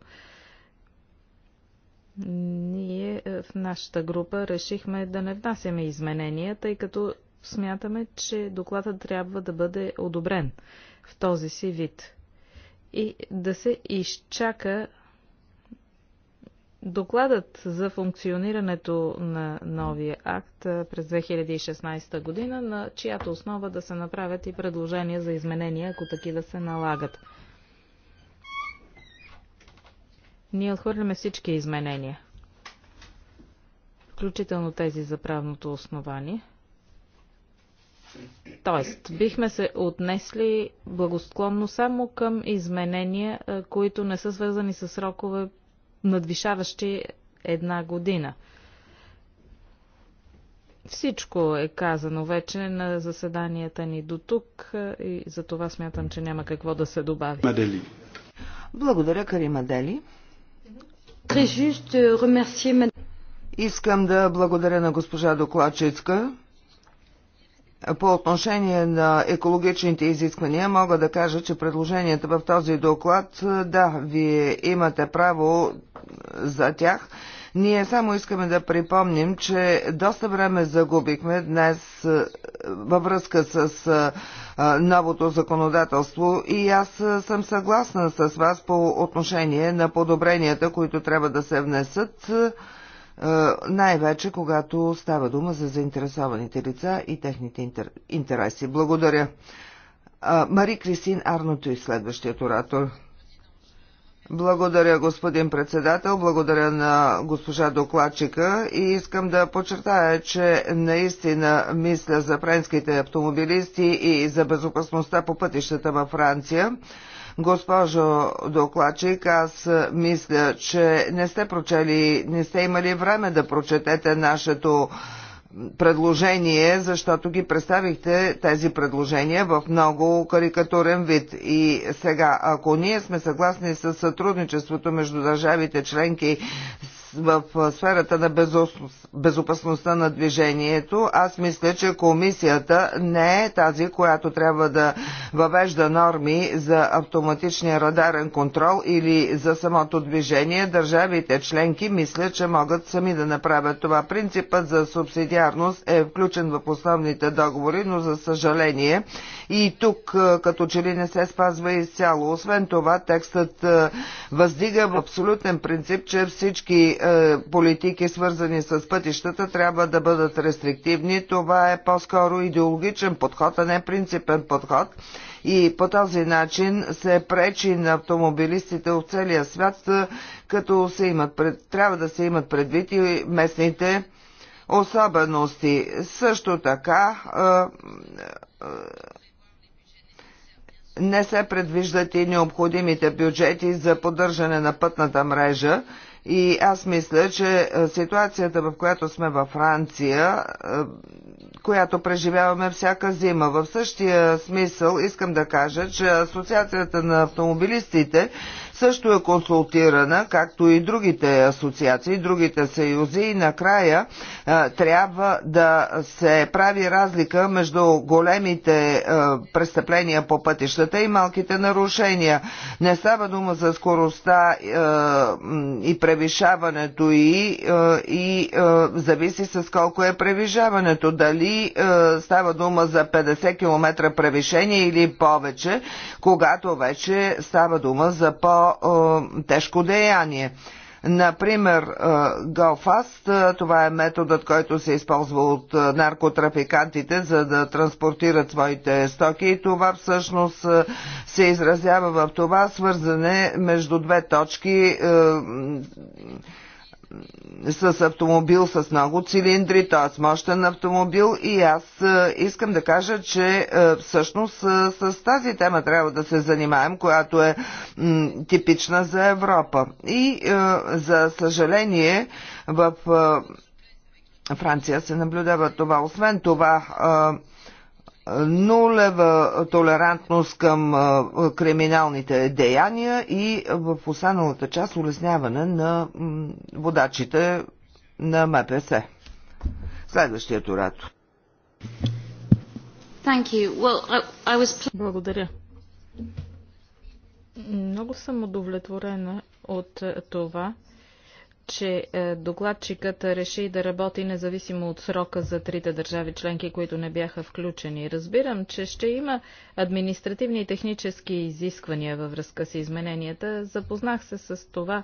Ние е, в нашата група решихме да не внасяме изменения, тъй като смятаме, че докладът трябва да бъде одобрен в този си вид – и да се изчака Докладът за функционирането на новия акт през 2016 година, на чиято основа да се направят и предложения за изменения, ако такива да се налагат. Ние отхвърляме всички изменения, включително тези за правното основание – Тоест, бихме се отнесли благосклонно само към изменения, които не са свързани с срокове надвишаващи една година. Всичко е казано вече на заседанията ни до тук и за това смятам, че няма какво да се добави. Мадели. Благодаря, Кари Мадели. Искам да благодаря на госпожа докладчицка по отношение на екологичните изисквания мога да кажа, че предложенията в този доклад, е, да, вие имате право е, за тях. Ние само искаме да припомним, че доста време загубихме днес е, във връзка с новото законодателство и аз съм съгласна с вас по отношение на подобренията, които трябва да се внесат. Е, най-вече когато става дума за заинтересованите лица и техните интер... интереси. Благодаря. Е, Мари Кристин Арното и е следващият оратор. Благодаря, господин председател. Благодаря на госпожа докладчика и искам да подчертая, че наистина мисля за френските автомобилисти и за безопасността по пътищата във Франция. Госпожо докладчик, аз мисля, че не сте прочели, не сте имали време да прочетете нашето предложение, защото ги представихте тези предложения в много карикатурен вид. И сега, ако ние сме съгласни с сътрудничеството между държавите членки в сферата на безопасността на движението, аз мисля, че комисията не е тази, която трябва да въвежда норми за автоматичния радарен контрол или за самото движение. Държавите членки мисля, че могат сами да направят това. Принципът за субсидиарност е включен в основните договори, но за съжаление и тук е, като че ли не се спазва изцяло. Освен това, текстът е, въздига в абсолютен принцип, че всички е, политики, свързани с пътищата, трябва да бъдат рестриктивни. Това е по-скоро идеологичен подход, а не принципен подход. И по този начин се пречи на автомобилистите от целия свят, е, като се имат пред... трябва да се имат предвид и местните особености. Също така е, е, не се предвиждат и необходимите бюджети за поддържане на пътната мрежа. И аз мисля, че е, ситуацията, в която сме във Франция, е, която преживяваме всяка зима. В същия смисъл искам да кажа, че Асоциацията на автомобилистите също е консултирана, както и другите асоциации, другите съюзи и накрая трябва да се прави разлика между големите престъпления по пътищата и малките нарушения. Не става дума за скоростта и превишаването и, и зависи с колко е превишаването. Дали става дума за 50 км превишение или повече, когато вече става дума за по тежко деяние. Например, GoFast, това е методът, който се използва от наркотрафикантите, за да транспортират своите стоки и това всъщност се изразява в това свързане между две точки с автомобил с много цилиндри, т.е. мощен автомобил и аз е, искам да кажа, че е, всъщност е, с тази тема трябва да се занимаем, която е типична за Европа. И за съжаление в Франция се наблюдава това. Освен това, нулева толерантност към криминалните деяния и в останалата част улесняване на водачите на МПС. Следващият оратор. Благодаря. Много съм удовлетворена от това, че е, докладчикът реши да работи независимо от срока за трите държави членки, които не бяха включени. Разбирам, че ще има административни и технически изисквания във връзка с измененията. Запознах се с това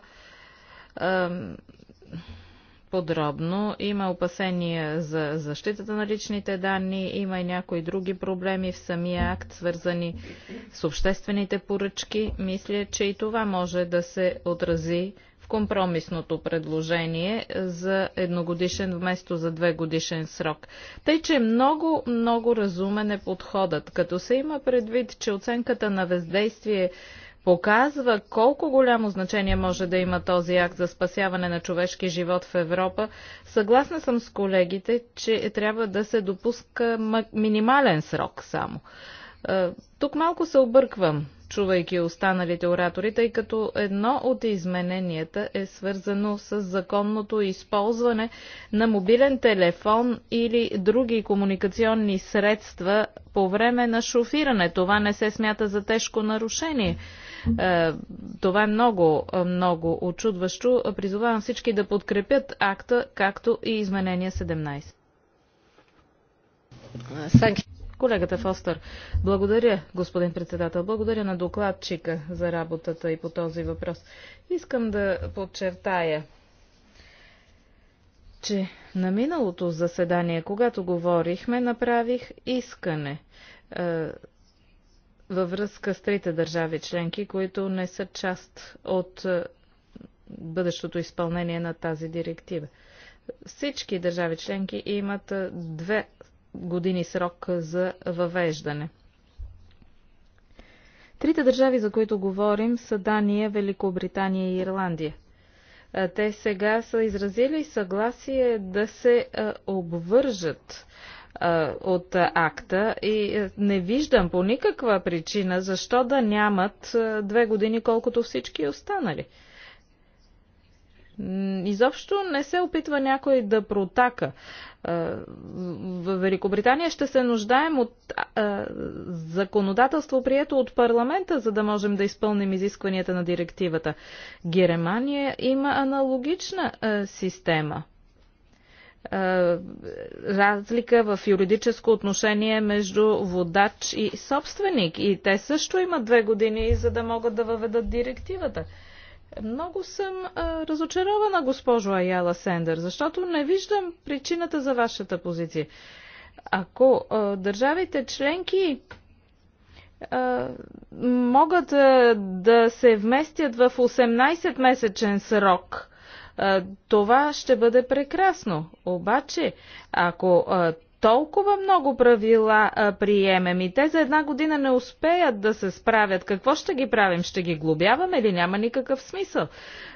подробно. Има опасения за защитата на личните данни, има и някои други проблеми в самия акт, свързани с обществените поръчки. Мисля, че и това може да се отрази компромисното предложение за едногодишен вместо за две годишен срок. Тъй, че много, много разумен е подходът, като се има предвид, че оценката на въздействие показва колко голямо значение може да има този акт за спасяване на човешки живот в Европа, съгласна съм с колегите, че трябва да се допуска минимален срок само. Е, тук малко се обърквам чувайки останалите оратори, тъй като едно от измененията е свързано с законното използване на мобилен телефон или други комуникационни средства по време на шофиране. Това не се смята за тежко нарушение. Е, това е много, много очудващо. Призовавам всички да подкрепят акта, както и изменение 17. Колегата Фостър, благодаря, господин председател. Благодаря на докладчика за работата и по този въпрос. Искам да подчертая, че на миналото заседание, когато говорихме, направих искане е, във връзка с трите държави членки, които не са част от е, бъдещото изпълнение на тази директива. Всички държави членки имат е, две години срок за въвеждане. Трите държави, за които говорим, са Дания, Великобритания и Ирландия. Те сега са изразили съгласие да се обвържат от акта и не виждам по никаква причина защо да нямат две години, колкото всички останали. Изобщо не се опитва някой да протака. Е, в Великобритания ще се нуждаем от законодателство, прието от парламента, за да можем да изпълним изискванията на директивата. Германия има аналогична е, система е, разлика в юридическо отношение между водач и собственик. И те също имат две години, за да могат да въведат директивата. Много съм а, разочарована, госпожо Аяла Сендер, защото не виждам причината за вашата позиция. Ако а, държавите членки а, могат а, да се вместят в 18-месечен срок, а, това ще бъде прекрасно. Обаче, ако а, толкова много правила а, приемем и те за една година не успеят да се справят, какво ще ги правим? Ще ги глобяваме или няма никакъв смисъл?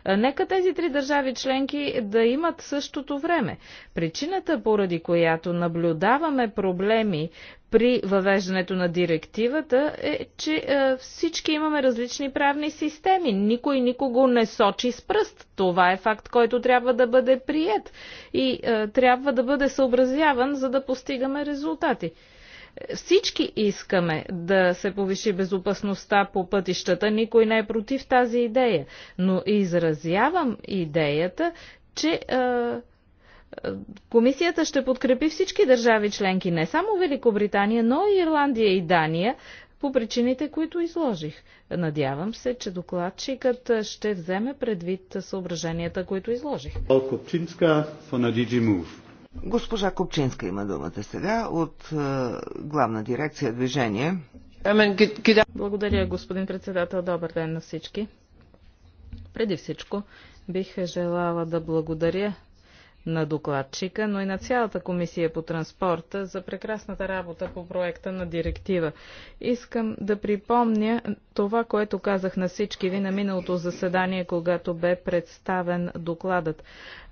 А, нека тези три държави членки да имат същото време. Причината, поради която наблюдаваме проблеми при въвеждането на директивата е, че е, всички имаме различни правни системи. Никой никого не сочи с пръст. Това е факт, който трябва да бъде прият и е, трябва да бъде съобразяван, за да постигаме резултати. Всички искаме да се повиши безопасността по пътищата, никой не е против тази идея, но изразявам идеята, че е, Комисията ще подкрепи всички държави членки, не само Великобритания, но и Ирландия и Дания, по причините, които изложих. Надявам се, че докладчикът ще вземе предвид съображенията, които изложих. Госпожа Копчинска има думата сега от е, главна дирекция движение. Благодаря, господин председател. Добър ден на всички. Преди всичко бих желала да благодаря на докладчика, но и на цялата комисия по транспорта за прекрасната работа по проекта на директива. Искам да припомня това, което казах на всички ви на миналото заседание, когато бе представен докладът.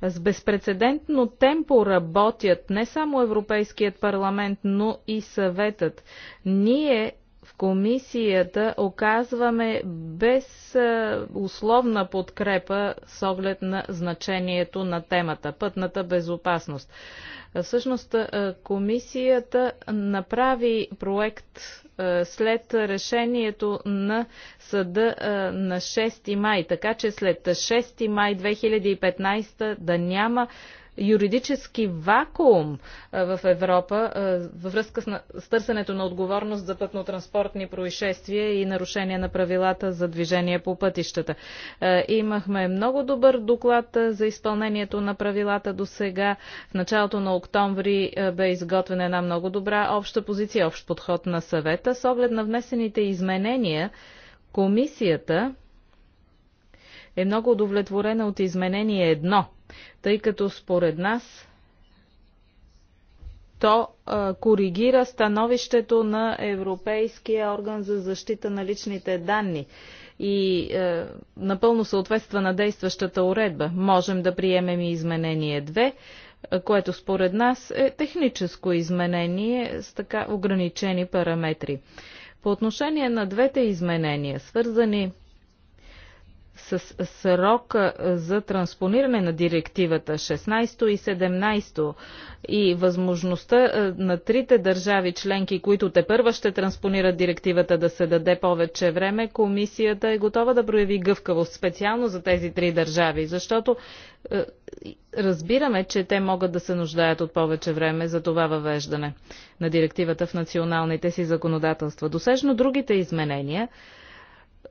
С безпредседентно темпо работят не само Европейският парламент, но и съветът. Ние комисията оказваме без условна подкрепа с оглед на значението на темата пътната безопасност. Всъщност комисията направи проект след решението на съда на 6 май, така че след 6 май 2015 да няма юридически вакуум в Европа във връзка с търсенето на отговорност за пътно-транспортни происшествия и нарушения на правилата за движение по пътищата. Имахме много добър доклад за изпълнението на правилата до сега. В началото на октомври бе изготвена една много добра обща позиция, общ подход на съвета. С оглед на внесените изменения, комисията е много удовлетворена от изменение едно, тъй като според нас то а, коригира становището на Европейския орган за защита на личните данни и е, напълно съответства на действащата уредба. Можем да приемем и изменение 2, което според нас е техническо изменение с така ограничени параметри. По отношение на двете изменения, свързани с срока за транспониране на директивата 16 и 17 и възможността е, на трите държави членки, които те първа ще транспонират директивата да се даде повече време, комисията е готова да прояви гъвкавост специално за тези три държави, защото е, разбираме, че те могат да се нуждаят от повече време за това въвеждане на директивата в националните си законодателства. Досежно другите изменения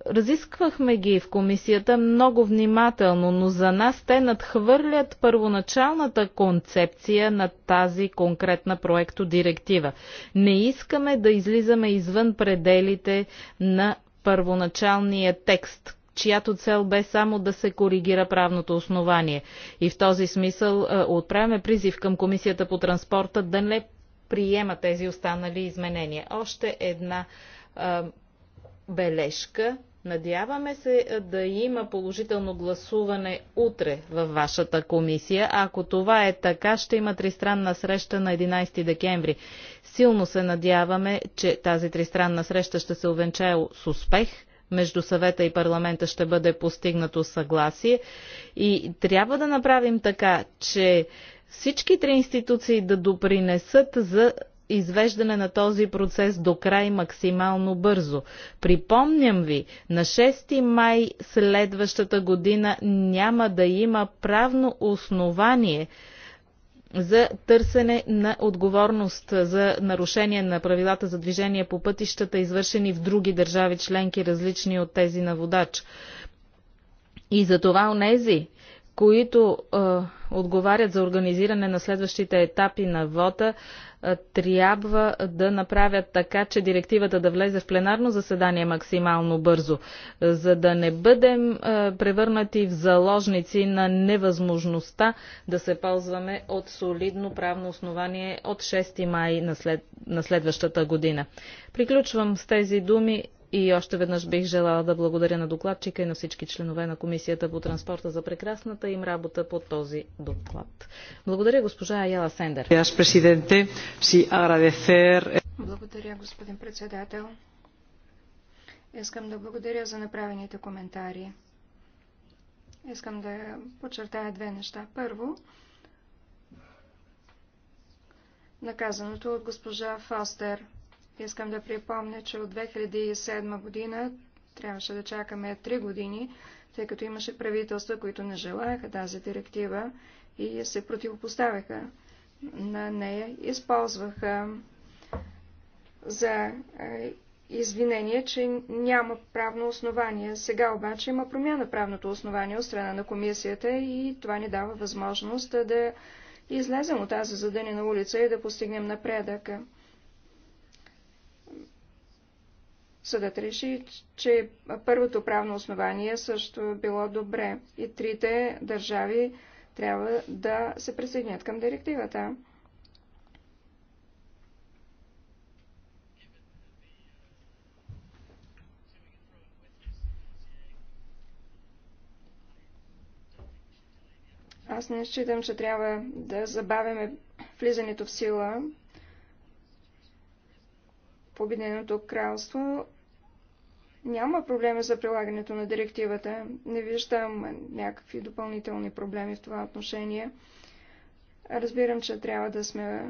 Разисквахме ги в комисията много внимателно, но за нас те надхвърлят първоначалната концепция на тази конкретна проектодиректива. Не искаме да излизаме извън пределите на първоначалния текст, чиято цел бе само да се коригира правното основание. И в този смисъл е, отправяме призив към Комисията по транспорта да не приема тези останали изменения. Още една а, е, бележка Надяваме се да има положително гласуване утре във вашата комисия. Ако това е така, ще има тристранна среща на 11 декември. Силно се надяваме, че тази тристранна среща ще се увенчае с успех между съвета и парламента ще бъде постигнато съгласие. И трябва да направим така, че всички три институции да допринесат за извеждане на този процес до край максимално бързо. Припомням ви, на 6 май следващата година няма да има правно основание за търсене на отговорност за нарушение на правилата за движение по пътищата, извършени в други държави членки, различни от тези на водач. И за това онези, които е, отговарят за организиране на следващите етапи на вота, трябва да направят така, че директивата да влезе в пленарно заседание максимално бързо, за да не бъдем превърнати в заложници на невъзможността да се ползваме от солидно правно основание от 6 май на, след, на следващата година. Приключвам с тези думи. И още веднъж бих желала да благодаря на докладчика и на всички членове на Комисията по транспорта за прекрасната им работа по този доклад. Благодаря госпожа Аяла Сендер. Благодаря, господин председател. Искам да благодаря за направените коментари. Искам да подчертая две неща. Първо, наказаното от госпожа Фостер – Искам да припомня, че от 2007 година трябваше да чакаме 3 години, тъй като имаше правителства, които не желаяха тази директива и се противопоставяха на нея. Използваха за извинение, че няма правно основание. Сега обаче има промяна правното основание от страна на комисията и това ни дава възможност да излезем от тази задънена улица и да постигнем напредъка. Съдът реши, че първото правно основание също било добре и трите държави трябва да се присъединят към директивата. Аз не считам, че трябва да забавяме влизането в сила в Обединеното кралство няма проблеми за прилагането на директивата. Не виждам някакви допълнителни проблеми в това отношение. Разбирам, че трябва да сме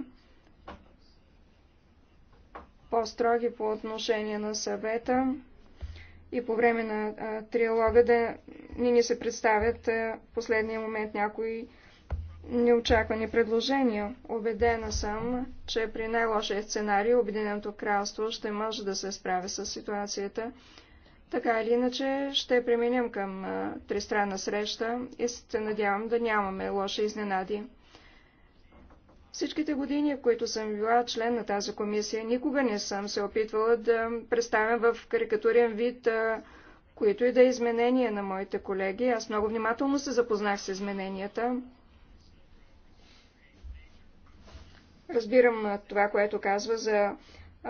по-строги по отношение на съвета и по време на а, триалога да ни ни се представят в последния момент някои неочаквани предложения. Обедена съм, че при най-лошия сценарий Обединеното кралство ще може да се справи с ситуацията така или иначе ще преминем към тристранна среща и се надявам да нямаме лоши изненади. Всичките години, в които съм била член на тази комисия, никога не съм се опитвала да представя в карикатурен вид, които и да е изменения на моите колеги. Аз много внимателно се запознах с измененията. Разбирам това, което казва за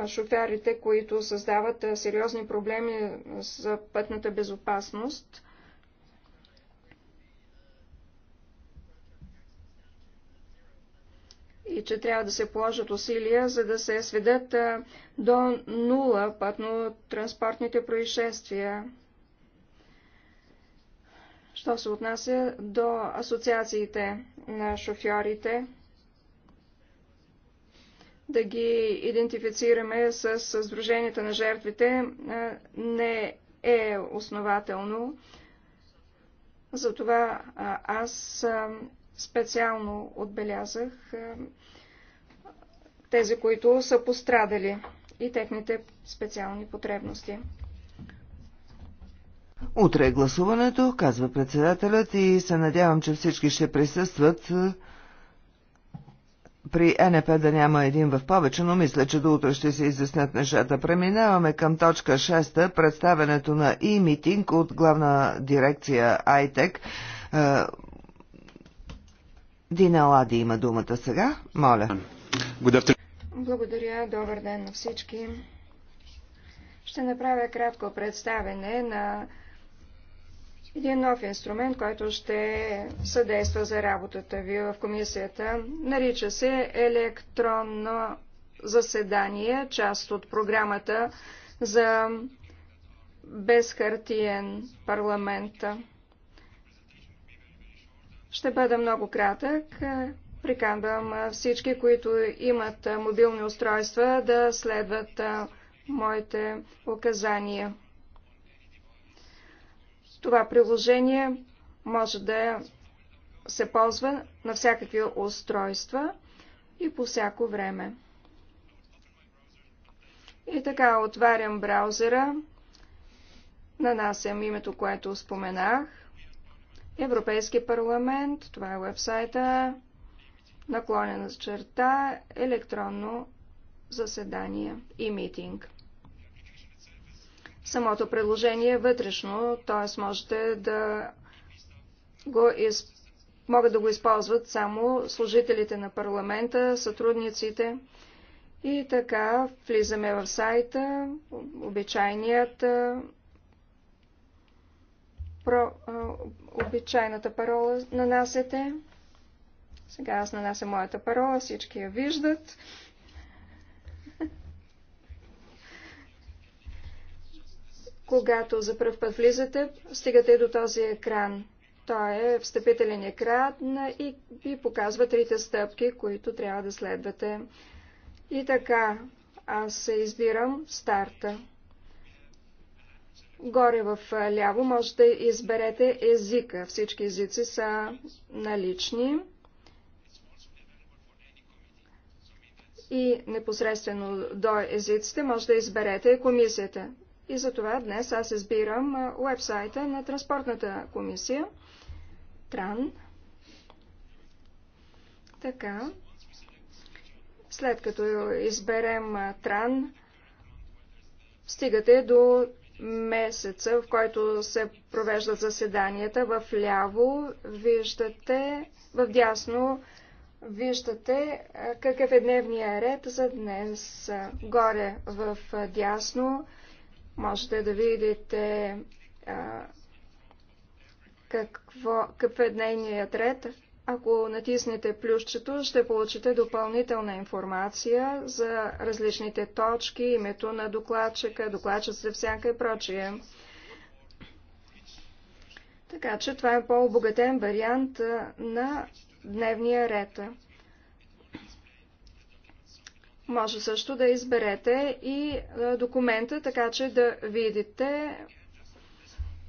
шофьорите, които създават сериозни проблеми за пътната безопасност. И че трябва да се положат усилия, за да се сведат до нула пътно-транспортните происшествия. Що се отнася до асоциациите на шофьорите – да ги идентифицираме с Сдруженията на жертвите не е основателно. Затова аз специално отбелязах тези, които са пострадали и техните специални потребности. Утре е гласуването, казва председателят и се надявам, че всички ще присъстват при е НП да няма един в повече, но мисля, че до утре ще се изяснят нещата. Преминаваме към точка 6, представенето на e-митинг от главна дирекция ITEC. Е, Дина Лади има думата сега. Моля. Благодаря. Добър ден на всички. Ще направя кратко представене на един нов инструмент, който ще съдейства за работата ви в комисията. Нарича се електронно заседание, част от програмата за безхартиен парламент. Ще бъда много кратък. Приканвам всички, които имат мобилни устройства, да следват моите указания. Това приложение може да се ползва на всякакви устройства и по всяко време. И така отварям браузера, нанасям е името, което споменах, Европейски парламент, това е вебсайта, наклонена черта, електронно заседание и митинг. Самото предложение вътрешно, т.е. можете да го из... могат да го използват само служителите на парламента, сътрудниците. И така влизаме в сайта, обичайният про, обичайната парола нанасяте. Сега аз нанася моята парола, всички я виждат. Когато за първ път влизате, стигате до този екран. Той е встъпителен екран и ви показва трите стъпки, които трябва да следвате. И така, аз се избирам старта. Горе в ляво можете да изберете езика. Всички езици са налични. И непосредствено до езиците може да изберете комисията. И затова днес аз избирам уебсайта на Транспортната комисия, Тран. Така. След като изберем Тран, стигате до месеца, в който се провеждат заседанията. В ляво виждате, в дясно виждате какъв е дневния ред за днес. Горе в дясно Можете да видите а, какво, какъв е дневният ред. Ако натиснете плюсчето, ще получите допълнителна информация за различните точки, името на докладчика, докладчица всяка и прочие. Така че това е по-обогатен вариант на дневния ред. Може също да изберете и е, документа, така че да видите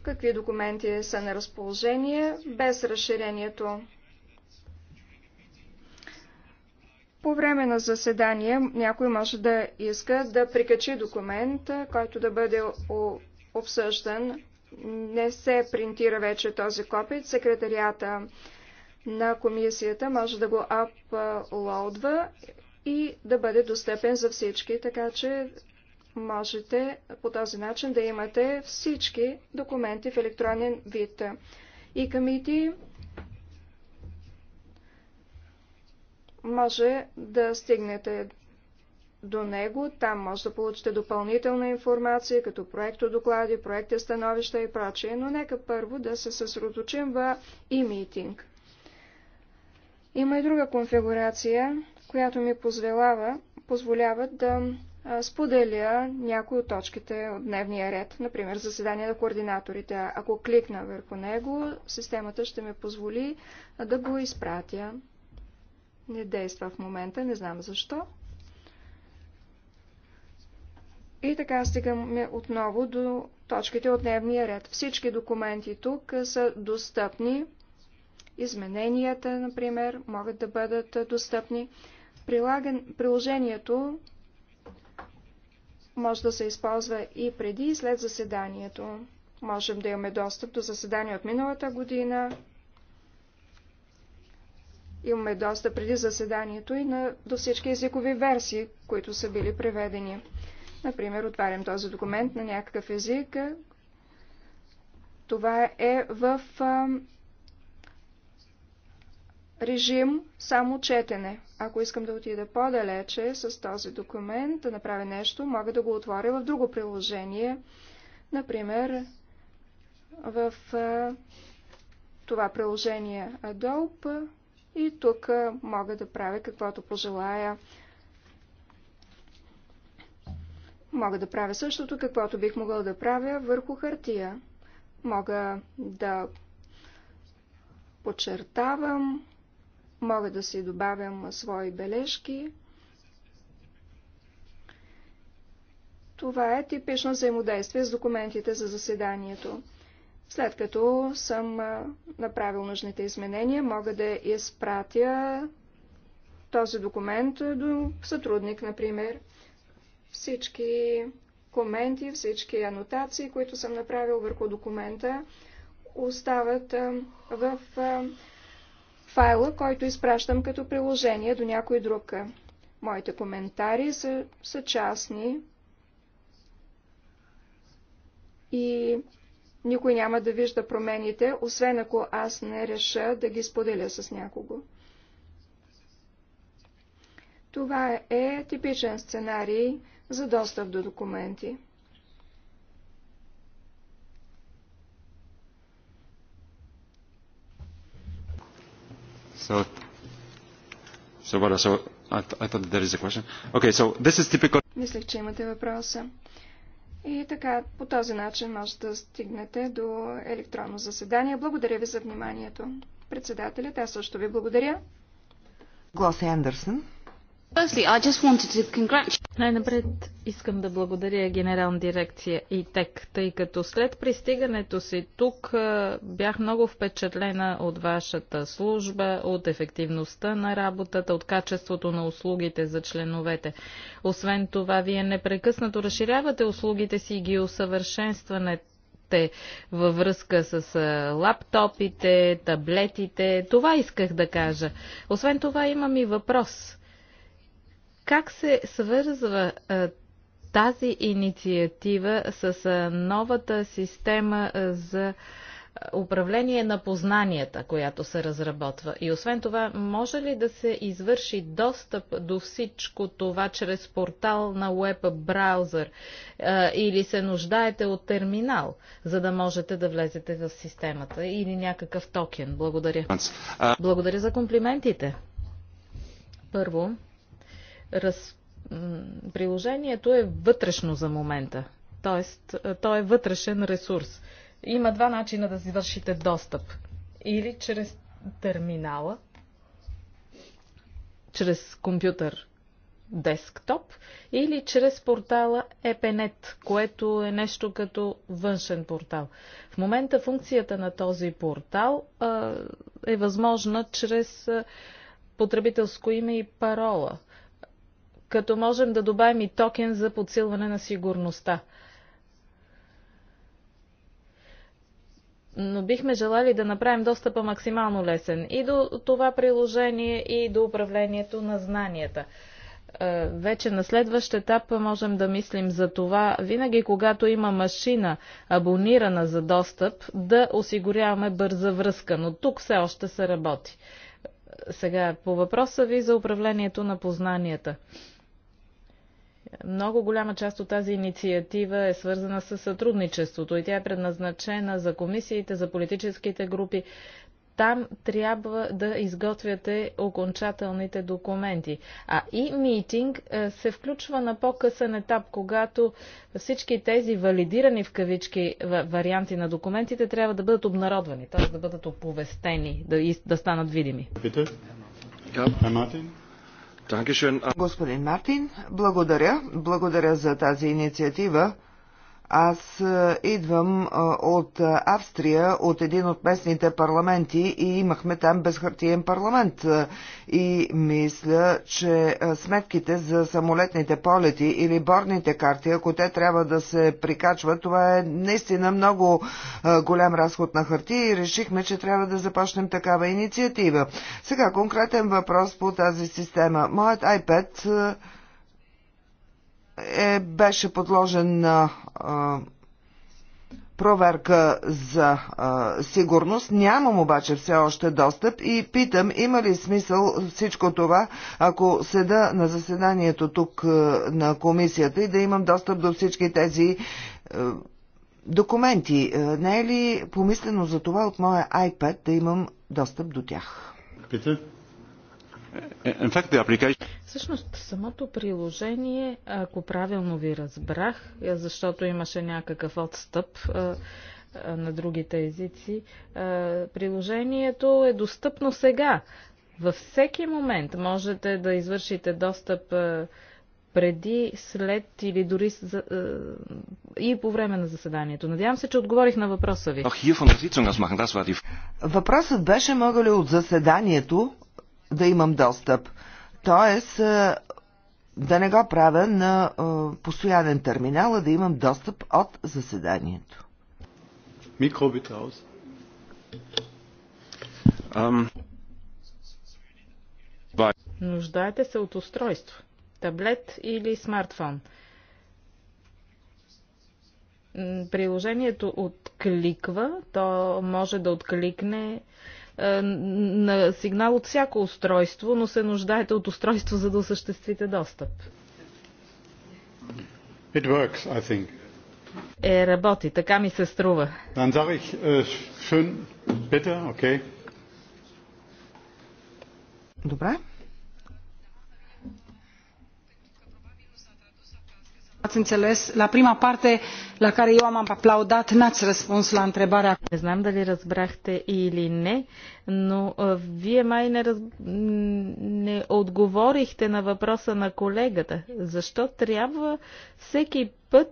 какви документи са на разположение без разширението. По време на заседание някой може да иска да прикачи документ, е, който да бъде обсъждан. Не се принтира вече този копит. Секретарията на комисията може да го аплоудва и да бъде достъпен за всички, така че можете по този начин да имате всички документи в електронен вид. И камити може да стигнете до него. Там може да получите допълнителна информация, като проекто доклади, проекти становища и прочие, но нека първо да се съсредоточим в e-meeting. Има и друга конфигурация, която ми позволява, позволява да споделя някои от точките от дневния ред, например заседание на координаторите. Ако кликна върху него, системата ще ми позволи да го изпратя. Не действа в момента, не знам защо. И така стигаме отново до точките от дневния ред. Всички документи тук са достъпни. Измененията, например, могат да бъдат достъпни. Прилаган, приложението може да се използва и преди и след заседанието. Можем да имаме достъп до заседание от миналата година. Имаме достъп преди заседанието и на, до всички езикови версии, които са били преведени. Например, отварям този документ на някакъв език. Това е в режим само четене. Ако искам да отида по-далече с този документ, да направя нещо, мога да го отворя в друго приложение. Например, в това приложение Adobe и тук мога да правя каквото пожелая. Мога да правя същото, каквото бих могъл да правя върху хартия. Мога да подчертавам, Мога да си добавям свои бележки. Това е типично взаимодействие с документите за заседанието. След като съм направил нужните изменения, мога да изпратя този документ до сътрудник, например. Всички коменти, всички анотации, които съм направил върху документа, остават в файла, който изпращам като приложение до някой друг. Моите коментари са, са частни и никой няма да вижда промените, освен ако аз не реша да ги споделя с някого. Това е типичен сценарий за достъп до документи. So, so what? So I, I thought there is a question. Okay, so this is typical. Мислех, че имате въпроса. И така, по този начин може да стигнете до електронно заседание. Благодаря ви за вниманието. Председателят, аз също ви благодаря. Глас Андерсън. Най-напред искам да благодаря генерална дирекция и ТЕК. тъй като след пристигането си тук бях много впечатлена от вашата служба, от ефективността на работата, от качеството на услугите за членовете. Освен това, вие непрекъснато разширявате услугите си и ги усъвършенстването във връзка с лаптопите, таблетите. Това исках да кажа. Освен това имам и въпрос. Как се свързва тази инициатива с новата система за управление на познанията, която се разработва? И освен това, може ли да се извърши достъп до всичко това чрез портал на веб браузър или се нуждаете от терминал, за да можете да влезете в системата или някакъв токен? Благодаря. Благодаря за комплиментите. Първо, раз... приложението е вътрешно за момента. Тоест, е, то е вътрешен ресурс. Има два начина да вършите достъп. Или чрез терминала, чрез компютър десктоп или чрез портала EPNet, което е нещо като външен портал. В момента функцията на този портал а, е възможна чрез потребителско име и парола като можем да добавим и токен за подсилване на сигурността. но бихме желали да направим достъпа максимално лесен и до това приложение, и до управлението на знанията. Е, вече на следващ етап можем да мислим за това, винаги когато има машина абонирана за достъп, да осигуряваме бърза връзка, но тук все още се работи. Сега, по въпроса ви за управлението на познанията. Много голяма част от тази инициатива е свързана с сътрудничеството и тя е предназначена за комисиите, за политическите групи. Там трябва да изготвяте окончателните документи. А и митинг е, се включва на по-късен етап, когато всички тези валидирани в кавички варианти на документите трябва да бъдат обнародвани, т.е. да бъдат оповестени, да, да станат видими. Питър? Ja. Herr Господин Мартин, благодаря. Благодаря за тази инициатива. Аз е, идвам е, от Австрия, от един от местните парламенти и имахме там безхартиен парламент. И мисля, че е, сметките за самолетните полети или борните карти, ако те трябва да се прикачват, това е наистина много голям разход на хартия и решихме, че трябва да започнем такава инициатива. Сега конкретен въпрос по тази система. Моят iPad е, беше подложен на е, проверка за е, сигурност. Нямам обаче все още достъп и питам, има ли смисъл всичко това, ако седа на заседанието тук е, на комисията и да имам достъп до всички тези е, документи. Не е ли помислено за това от моя iPad да имам достъп до тях? Питър? Всъщност, самото приложение, ако правилно ви разбрах, е защото имаше някакъв отстъп, на другите езици. Приложението е достъпно сега. Във всеки момент можете да извършите достъп преди, след или дори и по време на заседанието. Надявам се, че отговорих на въпроса ви. Въпросът беше мога ли от заседанието да имам достъп. Тоест, е, да не го правя на е, постоянен терминал, а да имам достъп от заседанието. Микро, би Нуждаете се от устройство. Таблет или смартфон. Приложението откликва, то може да откликне е, на сигнал от всяко устройство, но се нуждаете от устройство, за да осъществите достъп. It works, I think. Е, работи, така ми се струва. Dann sag ich, äh, schön, bitte, okay. Добре. ați înțeles, la prima parte la care eu am aplaudat, n-ați răspuns la întrebarea. Не знам дали разбрахте или не, но вие май не, раз... не отговорихте на въпроса на колегата. Защо трябва всеки път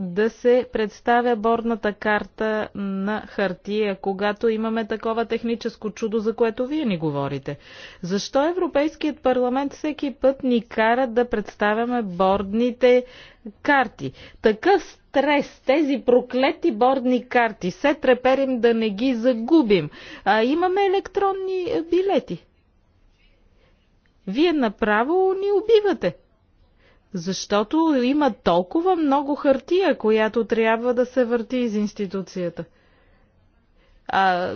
да се представя бордната карта на хартия, когато имаме такова техническо чудо, за което вие ни говорите? Защо Европейският парламент всеки път ни кара да представяме бордните карти? Такъв стрес, тези проклети бордни карти, се треперим да не ги загубим. А имаме електронни билети. Вие направо ни убивате. Защото има толкова много хартия, която трябва да се върти из институцията. А,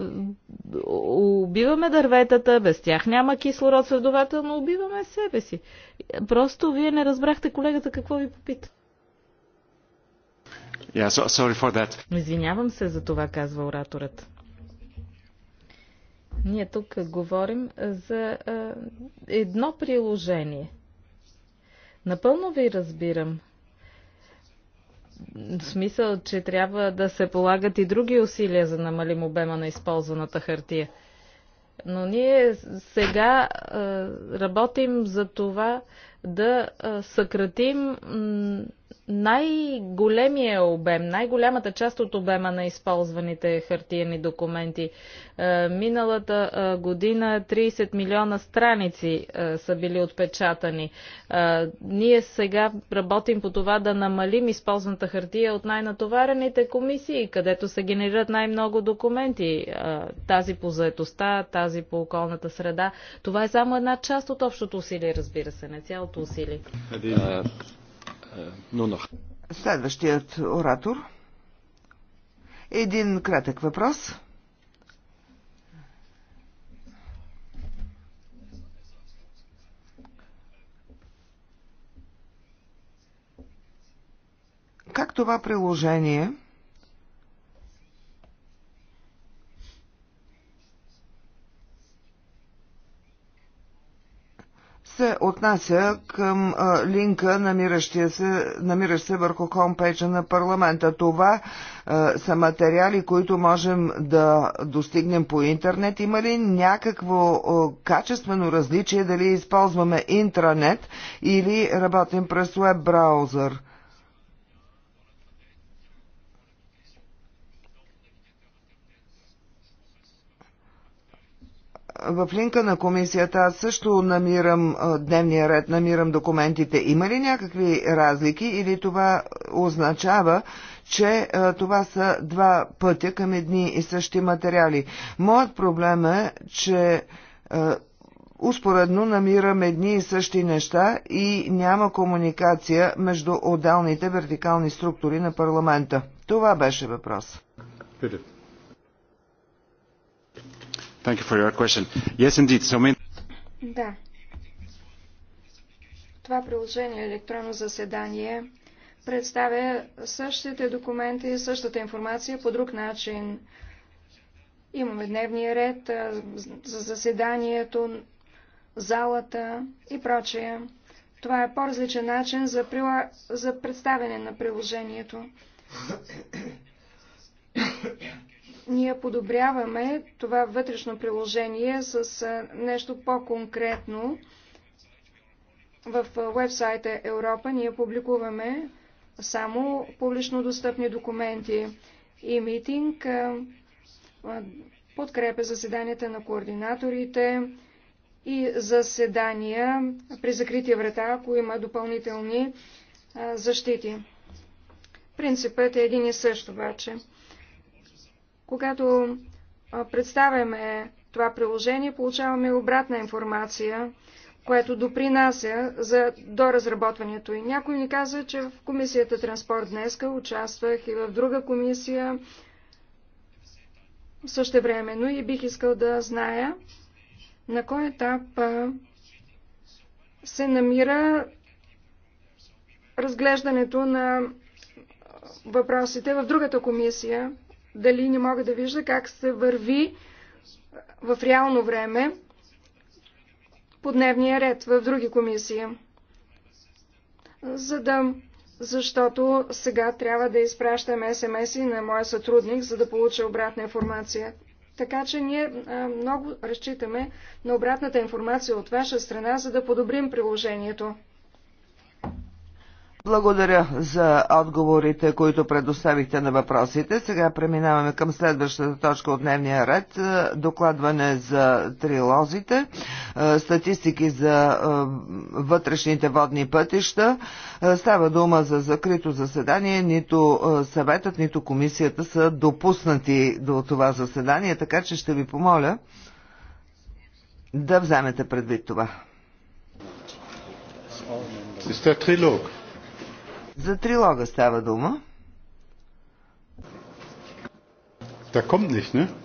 убиваме дърветата, без тях няма кислород, следователно убиваме себе си. Просто вие не разбрахте колегата какво ви попита. Yeah, so, sorry for that. Извинявам се за това, казва ораторът. Ние тук говорим за едно приложение – Напълно ви разбирам. В смисъл, че трябва да се полагат и други усилия за намалим обема на използваната хартия. Но ние сега работим за това да съкратим най-големия обем, най-голямата част от обема на използваните хартиени документи. Е, миналата е, година 30 милиона страници е, са били отпечатани. Ние сега работим по това да намалим използваната хартия от най-натоварените комисии, където се генерират най-много документи. Тази по заетостта, тази по околната среда. Това е само една част от общото усилие, разбира се, не цялото усилие но нох. Следващият оратор. Един кратък въпрос. Как това приложение се отнася към а, линка, намиращия се, намиращ се върху хомпейджа на парламента. Това а, са материали, които можем да достигнем по интернет. Има ли някакво а, качествено различие дали използваме интранет или работим през веб-браузър? в линка на комисията аз също намирам дневния ред, намирам документите. Има ли някакви разлики или това означава, че това са два пътя към едни и същи материали? Моят проблем е, че успоредно намирам едни и същи неща и няма комуникация между отделните вертикални структури на парламента. Това беше въпрос. Питер. Thank you for your question. Yes, indeed. So Да. Това приложение електронно заседание представя същите документи, същата информация по друг начин. Имаме дневния ред за заседанието, залата и прочее. Това е по-различен начин за, прила... за представяне на приложението ние подобряваме това вътрешно приложение с нещо по-конкретно. В вебсайта Европа ние публикуваме само публично достъпни документи и митинг, подкрепя заседанията на координаторите и заседания при закрити врата, ако има допълнителни защити. Принципът е един и същ обаче. Когато представяме това приложение, получаваме обратна информация, което допринася за доразработването. И някой ни каза, че в комисията Транспорт днеска участвах и в друга комисия също времено и бих искал да зная на кой етап се намира разглеждането на въпросите в другата комисия дали не мога да вижда как се върви в реално време по дневния ред в други комисии. За да... Защото сега трябва да изпращам смс-и на моя сътрудник, за да получа обратна информация. Така че ние много разчитаме на обратната информация от ваша страна, за да подобрим приложението. Благодаря за отговорите, които предоставихте на въпросите. Сега преминаваме към следващата точка от дневния ред. Е, докладване за трилозите, е, статистики за е, вътрешните водни пътища. Става дума за закрито заседание. Нито съветът, нито комисията са допуснати до това заседание, така че ще ви помоля да вземете предвид това. Ist der Trilog. За трилога става дума. Да kommt nicht, ne?